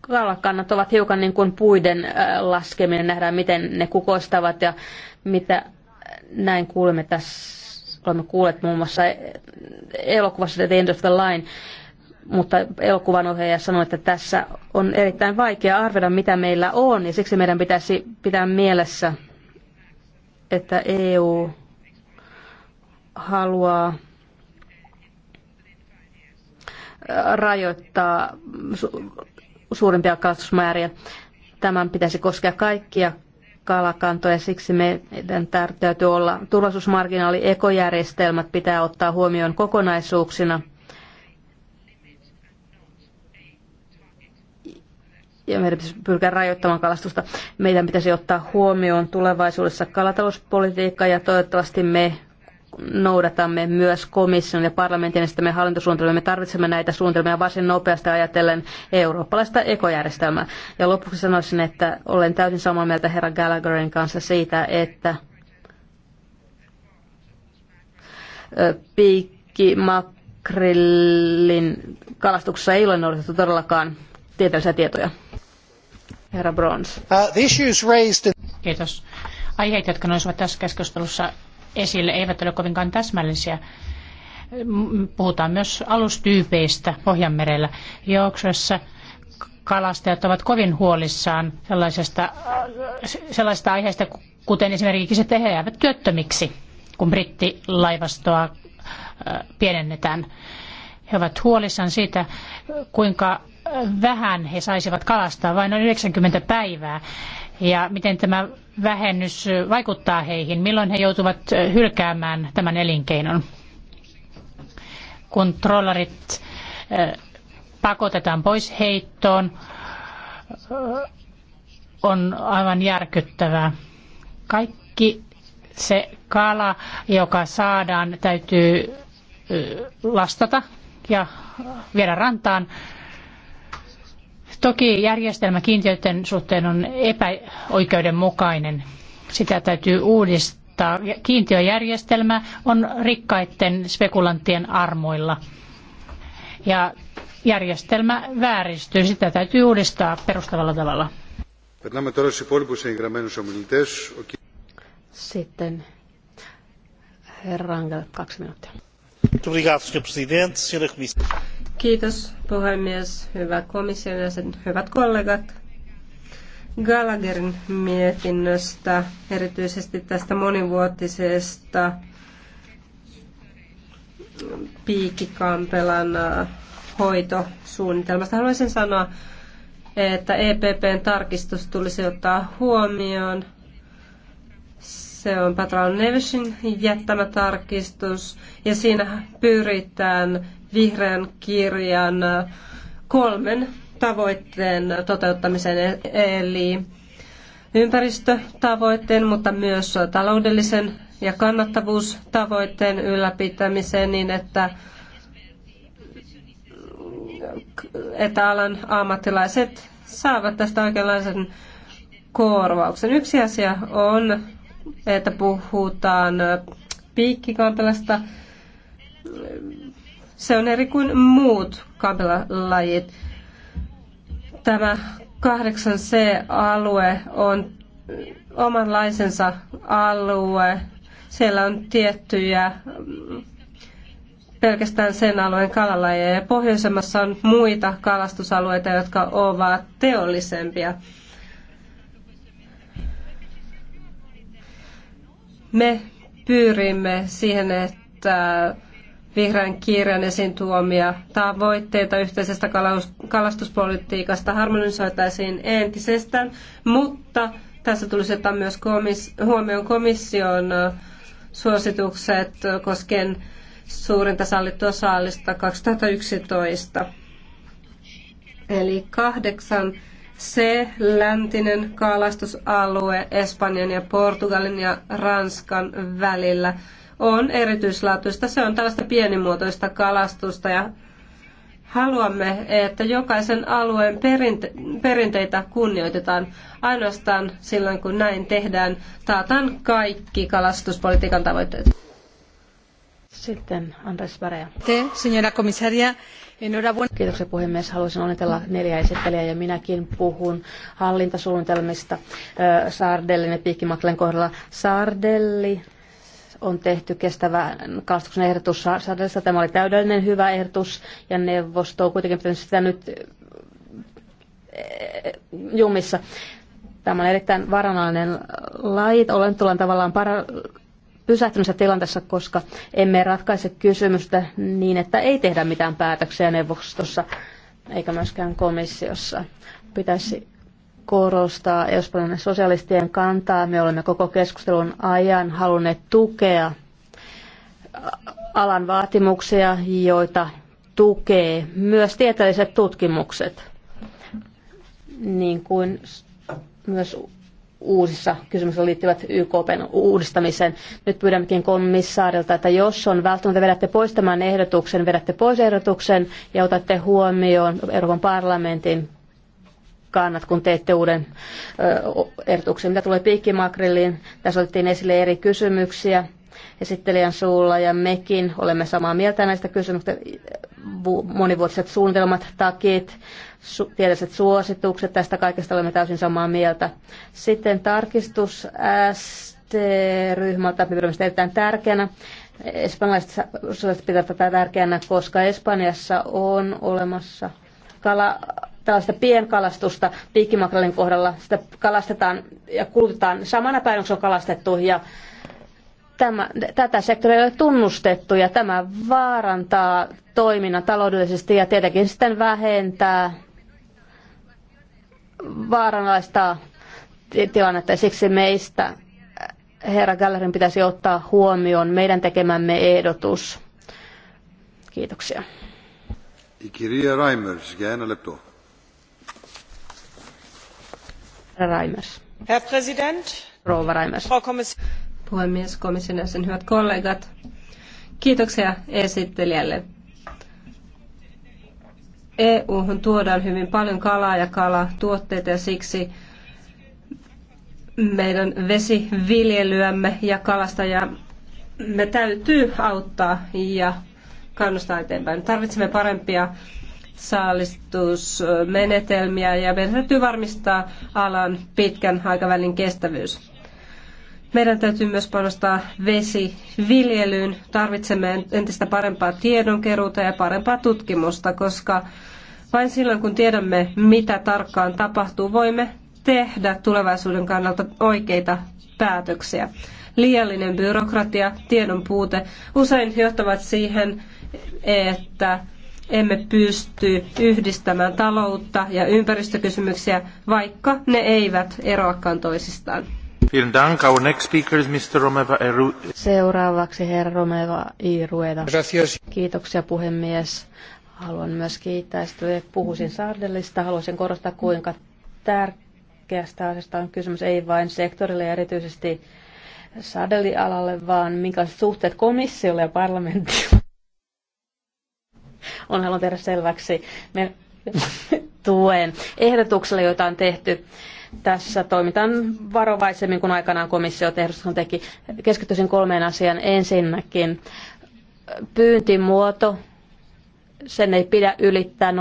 Kalakannat ovat hiukan niin kuin puiden eh, laskeminen, nähdään miten ne kukoistavat ja mitä eh, näin kuulemme tässä olemme kuulleet muun muassa elokuvassa The End of the Line, mutta elokuvan ohjaaja sanoi, että tässä on erittäin vaikea arvioida, mitä meillä on, ja siksi meidän pitäisi pitää mielessä, että EU haluaa rajoittaa su- suurimpia kalastusmääriä. Tämän pitäisi koskea kaikkia kalakantoja, siksi meidän täytyy olla turvallisuusmarginaali, ekojärjestelmät pitää ottaa huomioon kokonaisuuksina ja meidän pitäisi pyrkiä rajoittamaan kalastusta. Meidän pitäisi ottaa huomioon tulevaisuudessa kalatalouspolitiikka ja toivottavasti me noudatamme myös komission ja parlamentin esittämiä hallintosuunnitelmia. Me tarvitsemme näitä suunnitelmia varsin nopeasti ajatellen eurooppalaista ekojärjestelmää. Ja lopuksi sanoisin, että olen täysin samaa mieltä herra Gallagherin kanssa siitä, että makrillin kalastuksessa ei ole noudatettu todellakaan tieteellisiä tietoja. Herra Brons. Uh, the issues raised in... Kiitos. Aiheet, jotka nousivat tässä keskustelussa esille, eivät ole kovinkaan täsmällisiä. Puhutaan myös alustyypeistä Pohjanmerellä. Jouksessa kalastajat ovat kovin huolissaan sellaisesta, äh, sellaisesta aiheesta, kuten esimerkiksi se, että he jäävät työttömiksi, kun brittilaivastoa äh, pienennetään. He ovat huolissaan siitä, kuinka vähän he saisivat kalastaa, vain noin 90 päivää. Ja miten tämä vähennys vaikuttaa heihin, milloin he joutuvat hylkäämään tämän elinkeinon? Kun trollarit eh, pakotetaan pois heittoon, eh, on aivan järkyttävää. Kaikki se kala, joka saadaan, täytyy eh, lastata ja viedä rantaan. Toki järjestelmä kiintiöiden suhteen on epäoikeudenmukainen. Sitä täytyy uudistaa. Kiintiöjärjestelmä on rikkaiden spekulanttien armoilla. Ja järjestelmä vääristyy. Sitä täytyy uudistaa perustavalla tavalla. Sitten herra Angel, kaksi minuuttia. Kiitos puhemies, hyvä komission sen hyvät kollegat. Gallagherin mietinnöstä, erityisesti tästä monivuotisesta piikikampelan hoitosuunnitelmasta. Haluaisin sanoa, että EPPn tarkistus tulisi ottaa huomioon. Se on Patron Nevesin jättämä tarkistus ja siinä pyritään vihreän kirjan kolmen tavoitteen toteuttamiseen, eli ympäristötavoitteen, mutta myös taloudellisen ja kannattavuustavoitteen ylläpitämiseen niin, että, että alan ammattilaiset saavat tästä oikeanlaisen korvauksen. Yksi asia on, että puhutaan piikkikampelasta, se on eri kuin muut kabelalajit. Tämä 8C-alue on omanlaisensa alue. Siellä on tiettyjä pelkästään sen alueen kalalajeja ja pohjoisemmassa on muita kalastusalueita, jotka ovat teollisempia. Me pyrimme siihen, että vihreän kirjan esiin tuomia tavoitteita yhteisestä kalastuspolitiikasta harmonisoitaisiin entisestään, mutta tässä tulisi ottaa myös komis- huomioon komission suositukset koskien suurinta sallittua saalista 2011. Eli kahdeksan C, läntinen kalastusalue Espanjan ja Portugalin ja Ranskan välillä – on erityislaatuista. Se on tällaista pienimuotoista kalastusta ja haluamme, että jokaisen alueen perinte- perinteitä kunnioitetaan ainoastaan silloin, kun näin tehdään. Taataan kaikki kalastuspolitiikan tavoitteet. Sitten Andres Barea. Te, señora komissaria, enhorabuena. Kiitoksia puhemies. Haluaisin onnitella neljä esittelijää ja minäkin puhun hallintasuunnitelmista Sardellinen ja Piikkimaklen kohdalla. Sardelli, on tehty kestävän kalastuksen ehdotus sadessa. Tämä oli täydellinen hyvä ehdotus ja neuvosto on kuitenkin pitänyt sitä nyt eh, jumissa. Tämä on erittäin varanallinen lait. Olen tullut tavallaan para- pysähtyneessä tilanteessa, koska emme ratkaise kysymystä niin, että ei tehdä mitään päätöksiä neuvostossa eikä myöskään komissiossa. Pitäisi korostaa Espanjan sosialistien kantaa. Me olemme koko keskustelun ajan halunneet tukea alan vaatimuksia, joita tukee myös tieteelliset tutkimukset, niin kuin myös uusissa kysymyksissä liittyvät YKPn uudistamiseen. Nyt pyydämmekin komissaarilta, että jos on välttämättä vedätte pois tämän ehdotuksen, vedätte pois ehdotuksen ja otatte huomioon Euroopan parlamentin kannat, kun teette uuden ehdotuksen. Mitä tulee piikkimakrilliin, tässä otettiin esille eri kysymyksiä esittelijän suulla ja mekin olemme samaa mieltä näistä kysymyksistä. Monivuotiset suunnitelmat, takit, su- tiedelliset suositukset, tästä kaikesta olemme täysin samaa mieltä. Sitten tarkistus ST-ryhmältä, me pidämme sitä erittäin tärkeänä. Espanjalaiset pitävät tätä tärkeänä, koska Espanjassa on olemassa kala tällaista pienkalastusta piikkimakrelin kohdalla. Sitä kalastetaan ja kulutetaan samana päivänä, kun se on kalastettu. Ja tämä, tätä sektoria ei ole tunnustettu ja tämä vaarantaa toiminnan taloudellisesti ja tietenkin sitten vähentää vaaranlaista tilannetta. Siksi meistä eh, herra Gallerin pitäisi ottaa huomioon meidän tekemämme ehdotus. Kiitoksia. Kirja Reimers, lepto. Reimers. Herr Rouva Reimers. Frau Puhemies, komission jäsen, hyvät kollegat. Kiitoksia esittelijälle. EU-hun tuodaan hyvin paljon kalaa ja kalatuotteita ja siksi meidän vesiviljelyämme ja kalastajia me täytyy auttaa ja kannustaa eteenpäin. Tarvitsemme parempia saalistusmenetelmiä ja meidän täytyy varmistaa alan pitkän aikavälin kestävyys. Meidän täytyy myös panostaa vesiviljelyyn. Tarvitsemme entistä parempaa tiedonkeruuta ja parempaa tutkimusta, koska vain silloin kun tiedämme, mitä tarkkaan tapahtuu, voimme tehdä tulevaisuuden kannalta oikeita päätöksiä. Liiallinen byrokratia, tiedon puute usein johtavat siihen, että emme pysty yhdistämään taloutta ja ympäristökysymyksiä, vaikka ne eivät eroakaan toisistaan. Seuraavaksi herra Romeva Irueda. Kiitoksia puhemies. Haluan myös kiittää, että puhuisin Sardellista. Haluaisin korostaa, kuinka tärkeästä asiasta on kysymys, ei vain sektorille ja erityisesti Sardellialalle, vaan minkälaiset suhteet komissiolle ja parlamentille on haluan tehdä selväksi. Me tuen ehdotuksella, joita on tehty. Tässä toimitaan varovaisemmin kuin aikanaan komissio on teki. Keskittyisin kolmeen asiaan. Ensinnäkin pyyntimuoto, sen ei pidä ylittää 0,3.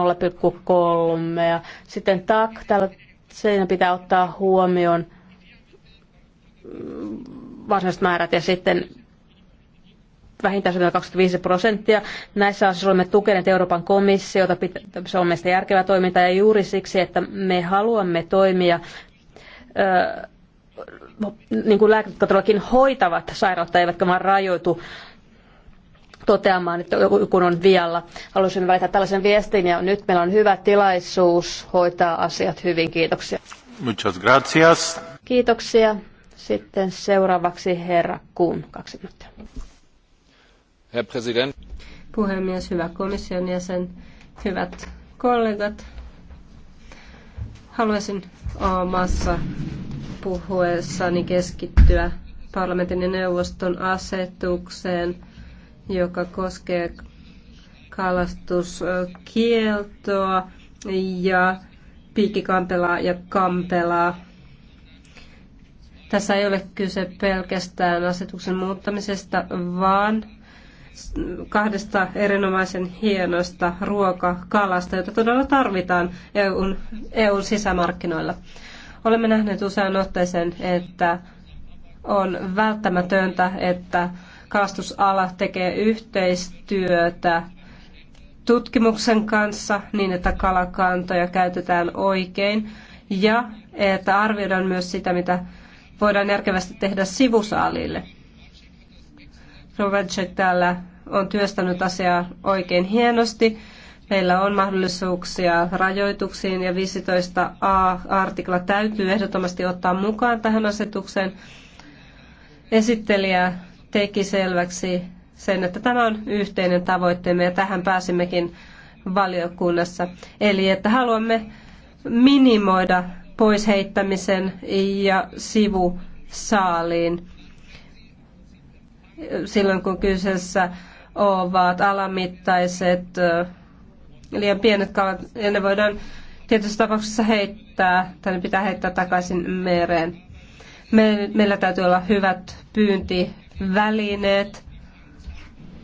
sitten tak, täällä siinä pitää ottaa huomioon varsinaiset määrät ja sitten vähintään 25 prosenttia. Näissä asioissa olemme tukeneet Euroopan komissiota, se on meistä järkevä toiminta ja juuri siksi, että me haluamme toimia niin kuin lääkärit todellakin hoitavat sairautta, eivätkä vaan rajoitu toteamaan, että joku on vialla. Haluaisin välittää tällaisen viestin ja nyt meillä on hyvä tilaisuus hoitaa asiat hyvin. Kiitoksia. Muchas gracias. Kiitoksia. Sitten seuraavaksi herra Kuun, kaksi minuuttia. Herr President. Puhemies, hyvä komission jäsen, hyvät kollegat. Haluaisin omassa puhuessani keskittyä parlamentin ja neuvoston asetukseen, joka koskee kalastuskieltoa ja piikkikampelaa ja kampelaa. Tässä ei ole kyse pelkästään asetuksen muuttamisesta, vaan kahdesta erinomaisen hienosta ruokakalasta, jota todella tarvitaan EUn, EUn sisämarkkinoilla. Olemme nähneet usean otteeseen, että on välttämätöntä, että kalastusala tekee yhteistyötä tutkimuksen kanssa niin, että kalakantoja käytetään oikein ja että arvioidaan myös sitä, mitä voidaan järkevästi tehdä sivusaalille. Rovacek täällä on työstänyt asiaa oikein hienosti. Meillä on mahdollisuuksia rajoituksiin ja 15a-artikla täytyy ehdottomasti ottaa mukaan tähän asetukseen. Esittelijä teki selväksi sen, että tämä on yhteinen tavoitteemme ja tähän pääsimmekin valiokunnassa. Eli että haluamme minimoida poisheittämisen ja sivusaaliin silloin, kun kyseessä ovat alamittaiset, liian pienet kalat, ja ne voidaan tietyissä tapauksissa heittää, tai ne pitää heittää takaisin mereen. Me, meillä täytyy olla hyvät pyyntivälineet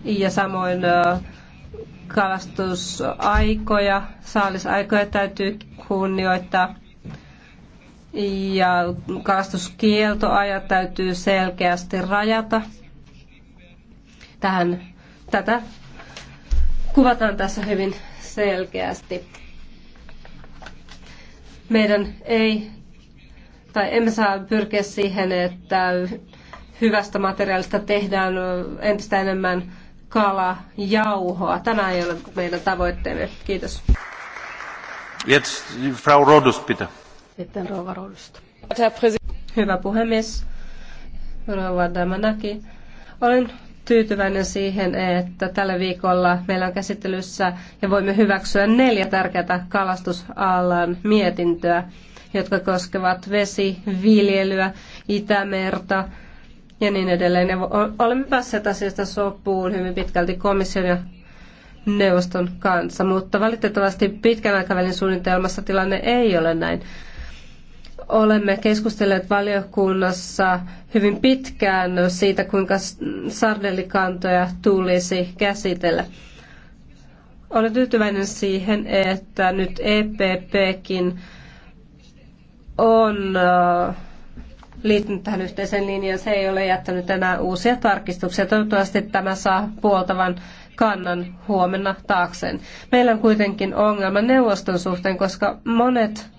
ja samoin kalastusaikoja, saalisaikoja täytyy kunnioittaa. Ja kalastuskieltoajat täytyy selkeästi rajata. Tähän, tätä kuvataan tässä hyvin selkeästi. Meidän ei, tai emme saa pyrkiä siihen, että hyvästä materiaalista tehdään entistä enemmän kala, jauhoa. Tämä ei ole meidän tavoitteemme. Kiitos. Jetzt Frau Rodust, bitte. Sitten Rova Rodusta. Hyvä puhemies. Rova Damanaki. Olen tyytyväinen siihen, että tällä viikolla meillä on käsittelyssä ja voimme hyväksyä neljä tärkeää kalastusalan mietintöä, jotka koskevat vesi, viljelyä, Itämerta ja niin edelleen. Ja olemme päässeet asiasta sopuun hyvin pitkälti komission ja neuvoston kanssa, mutta valitettavasti pitkän aikavälin suunnitelmassa tilanne ei ole näin olemme keskustelleet valiokunnassa hyvin pitkään siitä, kuinka sardellikantoja tulisi käsitellä. Olen tyytyväinen siihen, että nyt EPPkin on äh, liittynyt tähän yhteiseen linjaan. Se ei ole jättänyt enää uusia tarkistuksia. Toivottavasti tämä saa puoltavan kannan huomenna taakseen. Meillä on kuitenkin ongelma neuvoston suhteen, koska monet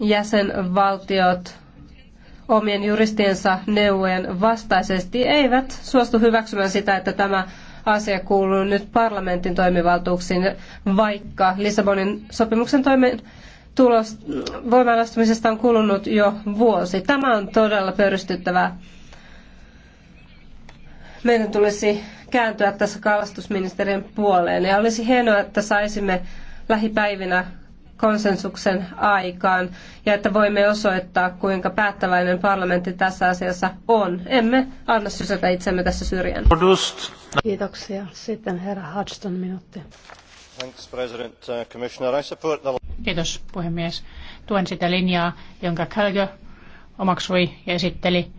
jäsenvaltiot omien juristiensa neuvojen vastaisesti eivät suostu hyväksymään sitä, että tämä asia kuuluu nyt parlamentin toimivaltuuksiin, vaikka Lissabonin sopimuksen toimen tulos, voimanastumisesta on kulunut jo vuosi. Tämä on todella pöyristyttävää. Meidän tulisi kääntyä tässä kalastusministerin puoleen ja olisi hienoa, että saisimme lähipäivinä konsensuksen aikaan ja että voimme osoittaa, kuinka päättäväinen parlamentti tässä asiassa on. Emme anna sysätä itsemme tässä syrjään. Kiitoksia. Sitten herra Hodgson minuutti. Uh, Kiitos puhemies. Tuen sitä linjaa, jonka Kälkö omaksui ja esitteli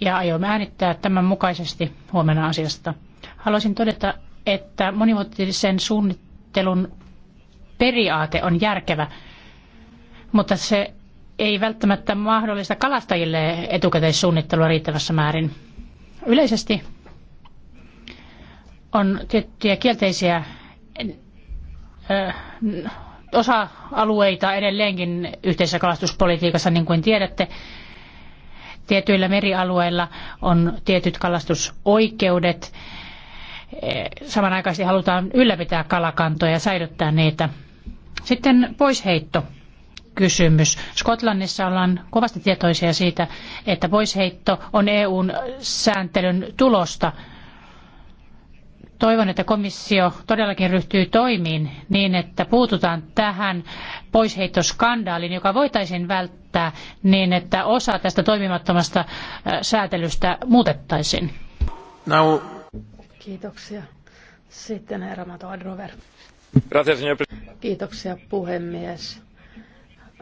ja aion äänittää tämän mukaisesti huomenna asiasta. Haluaisin todeta, että monivuotisen suunnittelun periaate on järkevä, mutta se ei välttämättä mahdollista kalastajille etukäteissuunnittelua riittävässä määrin. Yleisesti on tiettyjä kielteisiä osa-alueita edelleenkin yhteisessä kalastuspolitiikassa, niin kuin tiedätte. Tietyillä merialueilla on tietyt kalastusoikeudet. Samanaikaisesti halutaan ylläpitää kalakantoja ja säilyttää niitä – sitten poisheitto kysymys. Skotlannissa ollaan kovasti tietoisia siitä, että poisheitto on EUn sääntelyn tulosta. Toivon, että komissio todellakin ryhtyy toimiin niin, että puututaan tähän poisheittoskandaaliin, joka voitaisiin välttää niin, että osa tästä toimimattomasta äh, säätelystä muutettaisiin. Now. Kiitoksia. Sitten herra Mato Adrover. Kiitoksia puhemies.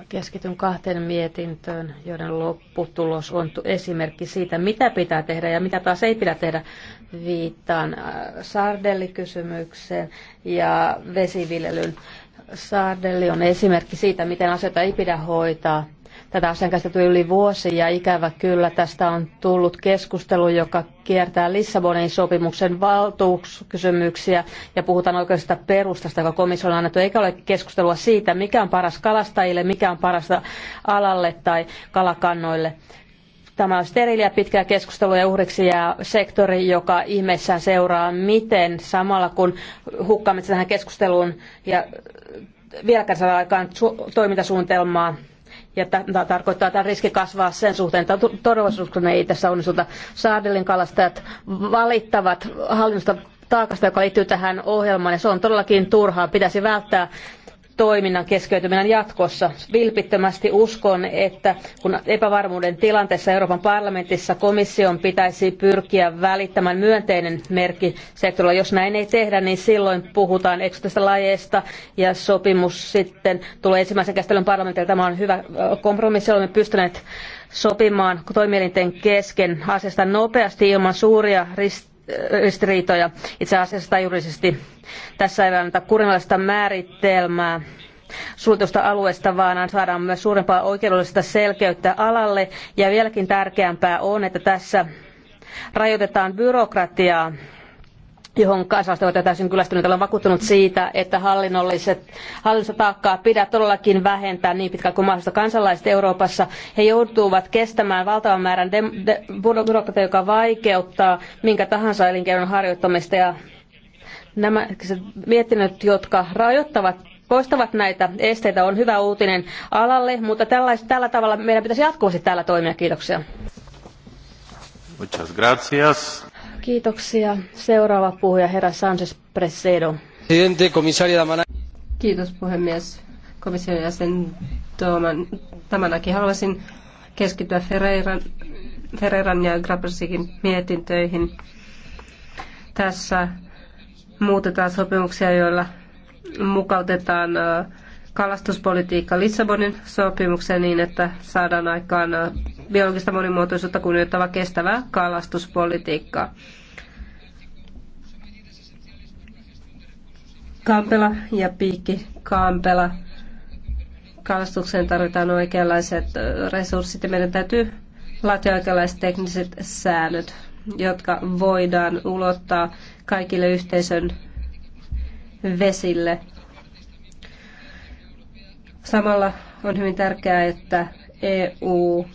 Keskityn kahteen mietintöön, joiden lopputulos on esimerkki siitä, mitä pitää tehdä ja mitä taas ei pidä tehdä. Viittaan äh, sardellikysymykseen ja vesiviljelyn. Sardelli on esimerkki siitä, miten asioita ei pidä hoitaa Tätä asian käsitelty yli vuosi ja ikävä kyllä tästä on tullut keskustelu, joka kiertää Lissabonin sopimuksen valtuuskysymyksiä ja puhutaan oikeudesta perustasta, joka komissio on annettu, eikä ole keskustelua siitä, mikä on paras kalastajille, mikä on parasta alalle tai kalakannoille. Tämä on steriliä pitkää keskustelua ja uhriksi jää sektori, joka ihmeissään seuraa, miten samalla kun hukkaamme tähän keskusteluun ja vieläkään saada aikaan toimintasuunnitelmaa ja tämä tarkoittaa, että riski kasvaa sen suhteen, että turvallisuuskone ei tässä onnistuta. Saadelin kalastajat valittavat hallinnosta taakasta, joka liittyy tähän ohjelmaan, ja se on todellakin turhaa. Pitäisi välttää toiminnan keskeytyminen jatkossa. Vilpittömästi uskon, että kun epävarmuuden tilanteessa Euroopan parlamentissa komission pitäisi pyrkiä välittämään myönteinen merkki sektorilla. Jos näin ei tehdä, niin silloin puhutaan eksotisesta lajeista ja sopimus sitten tulee ensimmäisen käsittelyn parlamentille. Tämä on hyvä kompromissi, olemme pystyneet sopimaan toimielinten kesken asiasta nopeasti ilman suuria ristiriitoja ristiriitoja itse asiassa tai juridisesti. Tässä ei anneta kurinalaista määritelmää suljetusta alueesta, vaan saadaan myös suurempaa oikeudellista selkeyttä alalle. Ja vieläkin tärkeämpää on, että tässä rajoitetaan byrokratiaa johon kansalaiset ovat täysin kyllästyneet. Olen vakuuttunut siitä, että hallinnolliset, hallinnollista taakkaa pitää todellakin vähentää niin pitkään kuin mahdollista. Kansalaiset Euroopassa he joutuvat kestämään valtavan määrän de- de- byrokratiaa, joka vaikeuttaa minkä tahansa elinkeinon harjoittamista. Ja nämä mietinnöt, jotka rajoittavat poistavat näitä esteitä, on hyvä uutinen alalle, mutta tällais, tällä tavalla meidän pitäisi jatkuvasti täällä toimia. Kiitoksia. Muchas gracias. Kiitoksia. Seuraava puhuja, herra Sanchez Presedo. Kiitos puhemies. Komission jäsen Tamanakin haluaisin keskittyä Ferreiran, Ferreiran ja Grabersikin mietintöihin. Tässä muutetaan sopimuksia, joilla mukautetaan uh, kalastuspolitiikka Lissabonin sopimukseen niin, että saadaan aikaan äh, biologista monimuotoisuutta kunnioittava kestävä kalastuspolitiikka. Kampela ja Piikki Kampela. Kalastukseen tarvitaan oikeanlaiset äh, resurssit ja meidän täytyy laatia oikeanlaiset tekniset säännöt, jotka voidaan ulottaa kaikille yhteisön vesille Samalla on hyvin tärkeää, että EU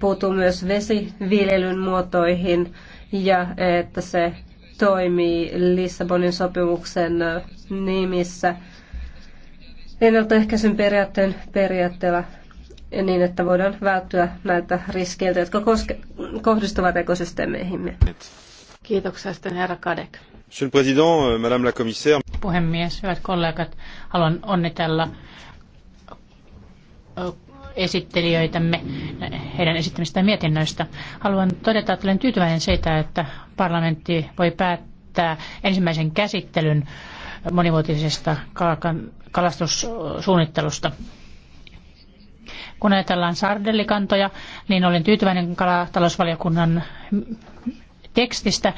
puuttuu myös vesiviljelyn muotoihin ja että se toimii Lissabonin sopimuksen nimissä ennaltaehkäisyn periaatteen periaatteella niin, että voidaan välttyä näiltä riskeiltä, jotka koske- kohdistuvat ekosysteemeihimme. Kiitoksia sitten herra Kadek. Monsieur le Président, euh, Madame la Commissaire. Puhemies, hyvät kollegat, haluan onnitella esittelijöitämme heidän esittämistään mietinnöistä. Haluan todeta, että olen tyytyväinen siitä, että parlamentti voi päättää ensimmäisen käsittelyn monivuotisesta kalastussuunnittelusta. Kun ajatellaan sardellikantoja, niin olen tyytyväinen kalatalousvaliokunnan tekstistä.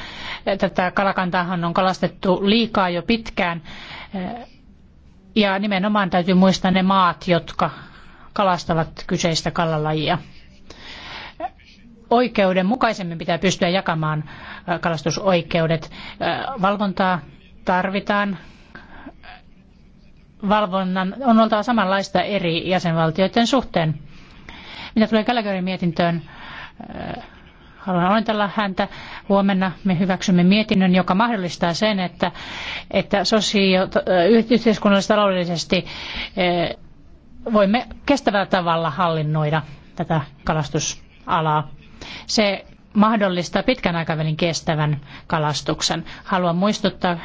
Tätä kalakantaahan on kalastettu liikaa jo pitkään. Ja nimenomaan täytyy muistaa ne maat, jotka kalastavat kyseistä kalalajia. Oikeudenmukaisemmin pitää pystyä jakamaan kalastusoikeudet. Valvontaa tarvitaan. Valvonnan on oltava samanlaista eri jäsenvaltioiden suhteen. Mitä tulee Gallagherin mietintöön, Haluan onnitella häntä. Huomenna me hyväksymme mietinnön, joka mahdollistaa sen, että, että sosio- yhteiskunnallisesti taloudellisesti eh, voimme kestävällä tavalla hallinnoida tätä kalastusalaa. Se mahdollistaa pitkän aikavälin kestävän kalastuksen. Haluan muistuttaa,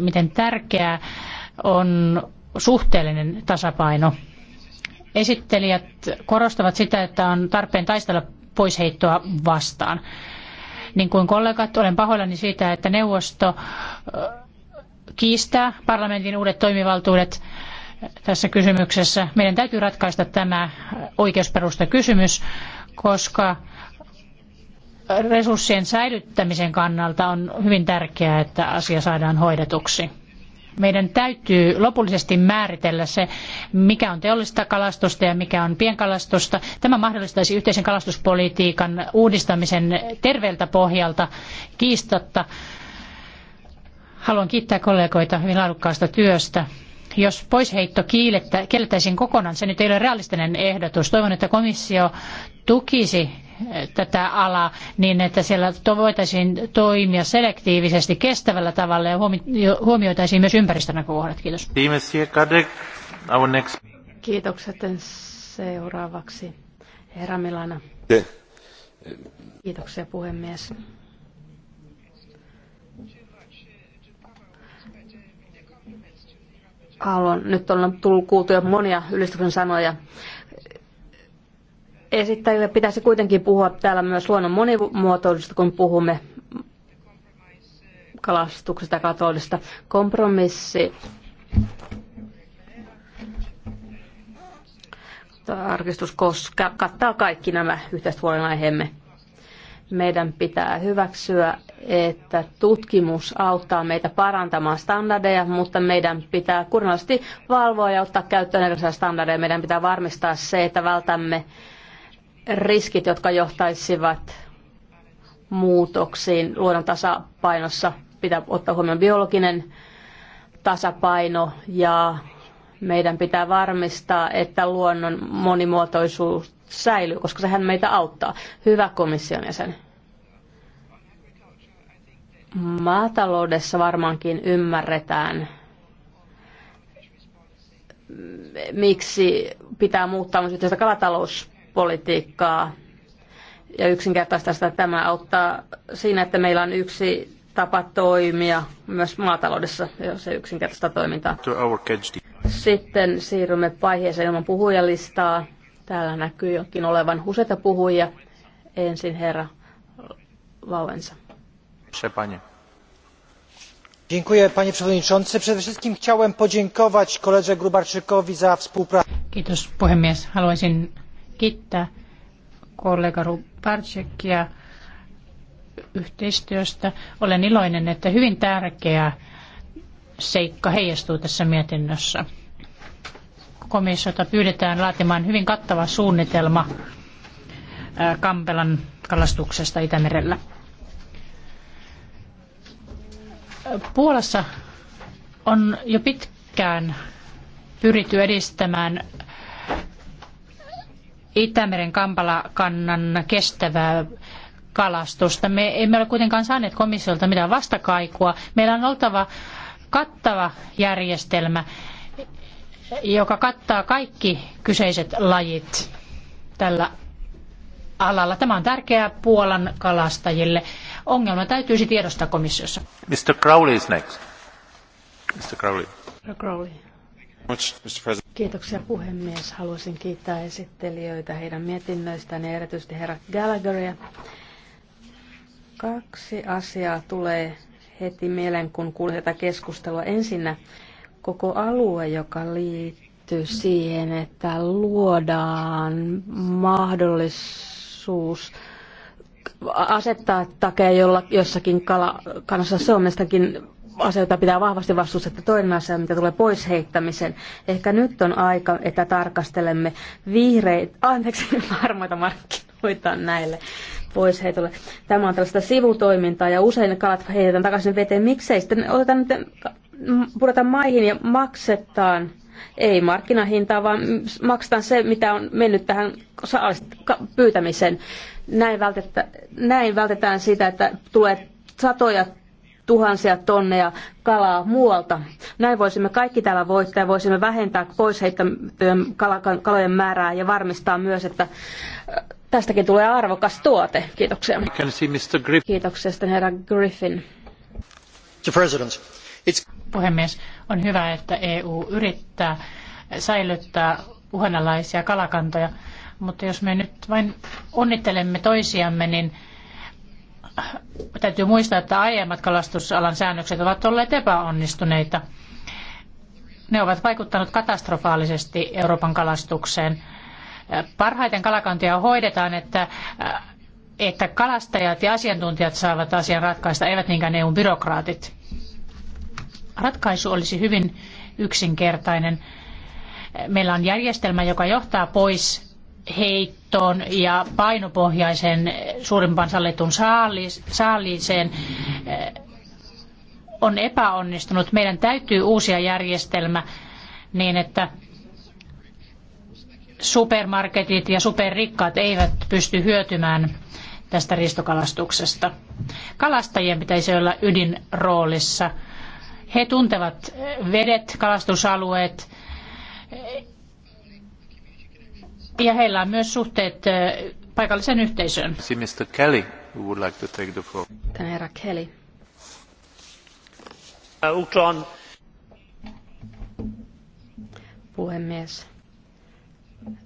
miten tärkeää on suhteellinen tasapaino. Esittelijät korostavat sitä, että on tarpeen taistella poisheittoa vastaan. Niin kuin kollegat, olen pahoillani siitä, että neuvosto kiistää parlamentin uudet toimivaltuudet tässä kysymyksessä. Meidän täytyy ratkaista tämä oikeusperusta kysymys, koska resurssien säilyttämisen kannalta on hyvin tärkeää, että asia saadaan hoidetuksi meidän täytyy lopullisesti määritellä se, mikä on teollista kalastusta ja mikä on pienkalastusta. Tämä mahdollistaisi yhteisen kalastuspolitiikan uudistamisen terveeltä pohjalta kiistatta. Haluan kiittää kollegoita hyvin laadukkaasta työstä. Jos poisheitto kiellettäisiin kokonaan, se nyt ei ole realistinen ehdotus. Toivon, että komissio tukisi eh, tätä alaa niin, että siellä voitaisiin toimia selektiivisesti kestävällä tavalla ja huomioitaisiin myös ympäristönäkökohdat. Kiitos. Kiitokset seuraavaksi. Herra Milana. Kiitoksia puhemies. haluan, nyt on tullut kuultu jo monia ylistyksen sanoja. Esittäjille pitäisi kuitenkin puhua täällä myös luonnon monimuotoisuudesta, kun puhumme kalastuksesta ja katolista. Kompromissi tarkistus koska kattaa kaikki nämä yhteiset huolenaiheemme. Meidän pitää hyväksyä, että tutkimus auttaa meitä parantamaan standardeja, mutta meidän pitää kunnallisesti valvoa ja ottaa käyttöön erilaisia standardeja. Meidän pitää varmistaa se, että vältämme riskit, jotka johtaisivat muutoksiin luonnon tasapainossa. Pitää ottaa huomioon biologinen tasapaino ja meidän pitää varmistaa, että luonnon monimuotoisuus säilyy, koska sehän meitä auttaa. Hyvä komission jäsen. Maataloudessa varmaankin ymmärretään, miksi pitää muuttaa myös yhteistä kalatalouspolitiikkaa ja yksinkertaistaa sitä. Tämä auttaa siinä, että meillä on yksi tapa toimia myös maataloudessa, jos se yksinkertaista toimintaa. Sitten siirrymme vaiheeseen ilman puhujalistaa. Täällä näkyy jokin olevan useita puhujia. Ensin herra Lauensa przede wszystkim chciałem podziękować koledze gróbarczykowi za współpracę. haluaisin kiittää kollega Rubarczykia yhteistyöstä. Olen iloinen, että hyvin tärkeä seikka heijastuu tässä mietinnössä. Komissiota pyydetään laatimaan hyvin kattava suunnitelma Kampelan kalastuksesta Itämerellä. Puolassa on jo pitkään pyritty edistämään Itämeren kampalakannan kestävää kalastusta. Me emme ole kuitenkaan saaneet komissiolta mitään vastakaikua. Meillä on oltava kattava järjestelmä, joka kattaa kaikki kyseiset lajit tällä alalla. Tämä on tärkeää Puolan kalastajille. Ongelma täytyisi tiedostaa komissiossa. Mr. Crowley is next. Mr. Crowley. Mr. Crowley. Kiitoksia puhemies. Haluaisin kiittää esittelijöitä heidän mietinnöistään ja erityisesti herra Gallagheria. Kaksi asiaa tulee heti mieleen, kun kuulin tätä keskustelua. Ensinnä koko alue, joka liittyy siihen, että luodaan mahdollisuus mahdollisuus asettaa takia jolla, jossakin kala, kanssa. Se on mielestäni asioita pitää vahvasti että Toinen asia, mitä tulee pois heittämisen. Ehkä nyt on aika, että tarkastelemme vihreitä, anteeksi, varmoita markkinoita näille pois heitolle. Tämä on tällaista sivutoimintaa ja usein ne kalat heitetään takaisin veteen. Miksei sitten otetaan nyt, maihin ja maksetaan ei markkinahintaa, vaan maksetaan se, mitä on mennyt tähän pyytämiseen. Näin, vältettä, näin vältetään sitä, että tulee satoja tuhansia tonneja kalaa muualta. Näin voisimme kaikki täällä voittaa ja voisimme vähentää pois heittämien kalojen määrää ja varmistaa myös, että äh, tästäkin tulee arvokas tuote. Kiitoksia. Kiitoksia herra Griffin. President. Puhemies, on hyvä, että EU yrittää säilyttää uhanalaisia kalakantoja, mutta jos me nyt vain onnittelemme toisiamme, niin täytyy muistaa, että aiemmat kalastusalan säännökset ovat olleet epäonnistuneita. Ne ovat vaikuttaneet katastrofaalisesti Euroopan kalastukseen. Parhaiten kalakantoja hoidetaan, että, että kalastajat ja asiantuntijat saavat asian ratkaista, eivät niinkään EUn byrokraatit. Ratkaisu olisi hyvin yksinkertainen. Meillä on järjestelmä, joka johtaa pois heittoon ja painopohjaisen suurimpaan sallitun saaliiseen on epäonnistunut. Meidän täytyy uusia järjestelmä niin, että supermarketit ja superrikkaat eivät pysty hyötymään tästä riistokalastuksesta. Kalastajien pitäisi olla ydinroolissa he tuntevat vedet, kalastusalueet ja heillä on myös suhteet paikallisen yhteisöön. Mr. Kelly, who would like to take the floor. Tämä herra Kelly. Uh, Puhemies,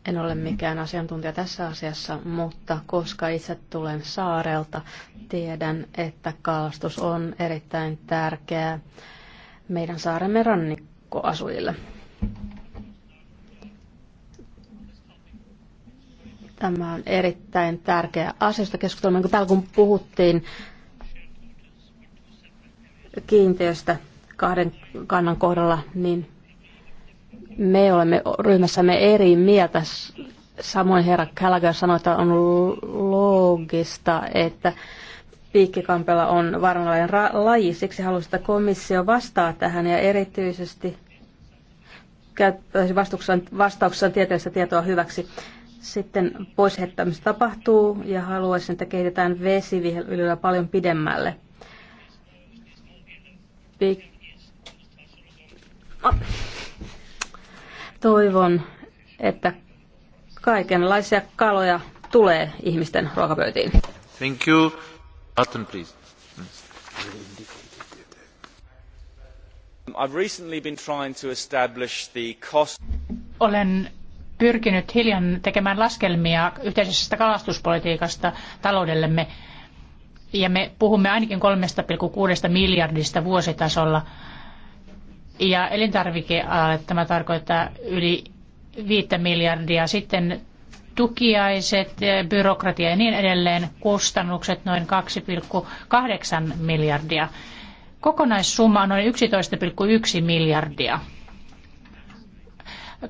en ole mikään asiantuntija tässä asiassa, mutta koska itse tulen saarelta, tiedän, että kalastus on erittäin tärkeää meidän saaremme rannikkoasujille. Tämä on erittäin tärkeä asia, josta kun täällä kun puhuttiin kiinteistä kahden kannan kohdalla, niin me olemme ryhmässämme eri mieltä. Samoin herra Gallagher sanoi, että on loogista, että piikkikampela on varmanlainen laji, siksi haluaisin, että komissio vastaa tähän ja erityisesti käyttäisi vastauksessaan tieteellistä tietoa hyväksi. Sitten poisheittämistä tapahtuu ja haluaisin, että kehitetään vesiviljelyä paljon pidemmälle. Pik- ah. Toivon, että kaikenlaisia kaloja tulee ihmisten ruokapöytiin. Thank you. Olen pyrkinyt hiljan tekemään laskelmia yhteisestä kalastuspolitiikasta taloudellemme. Ja me puhumme ainakin 3,6 miljardista vuositasolla. Ja elintarvikealalle tämä tarkoittaa yli 5 miljardia. Sitten tukiaiset, byrokratia ja niin edelleen, kustannukset noin 2,8 miljardia. Kokonaissumma on noin 11,1 miljardia.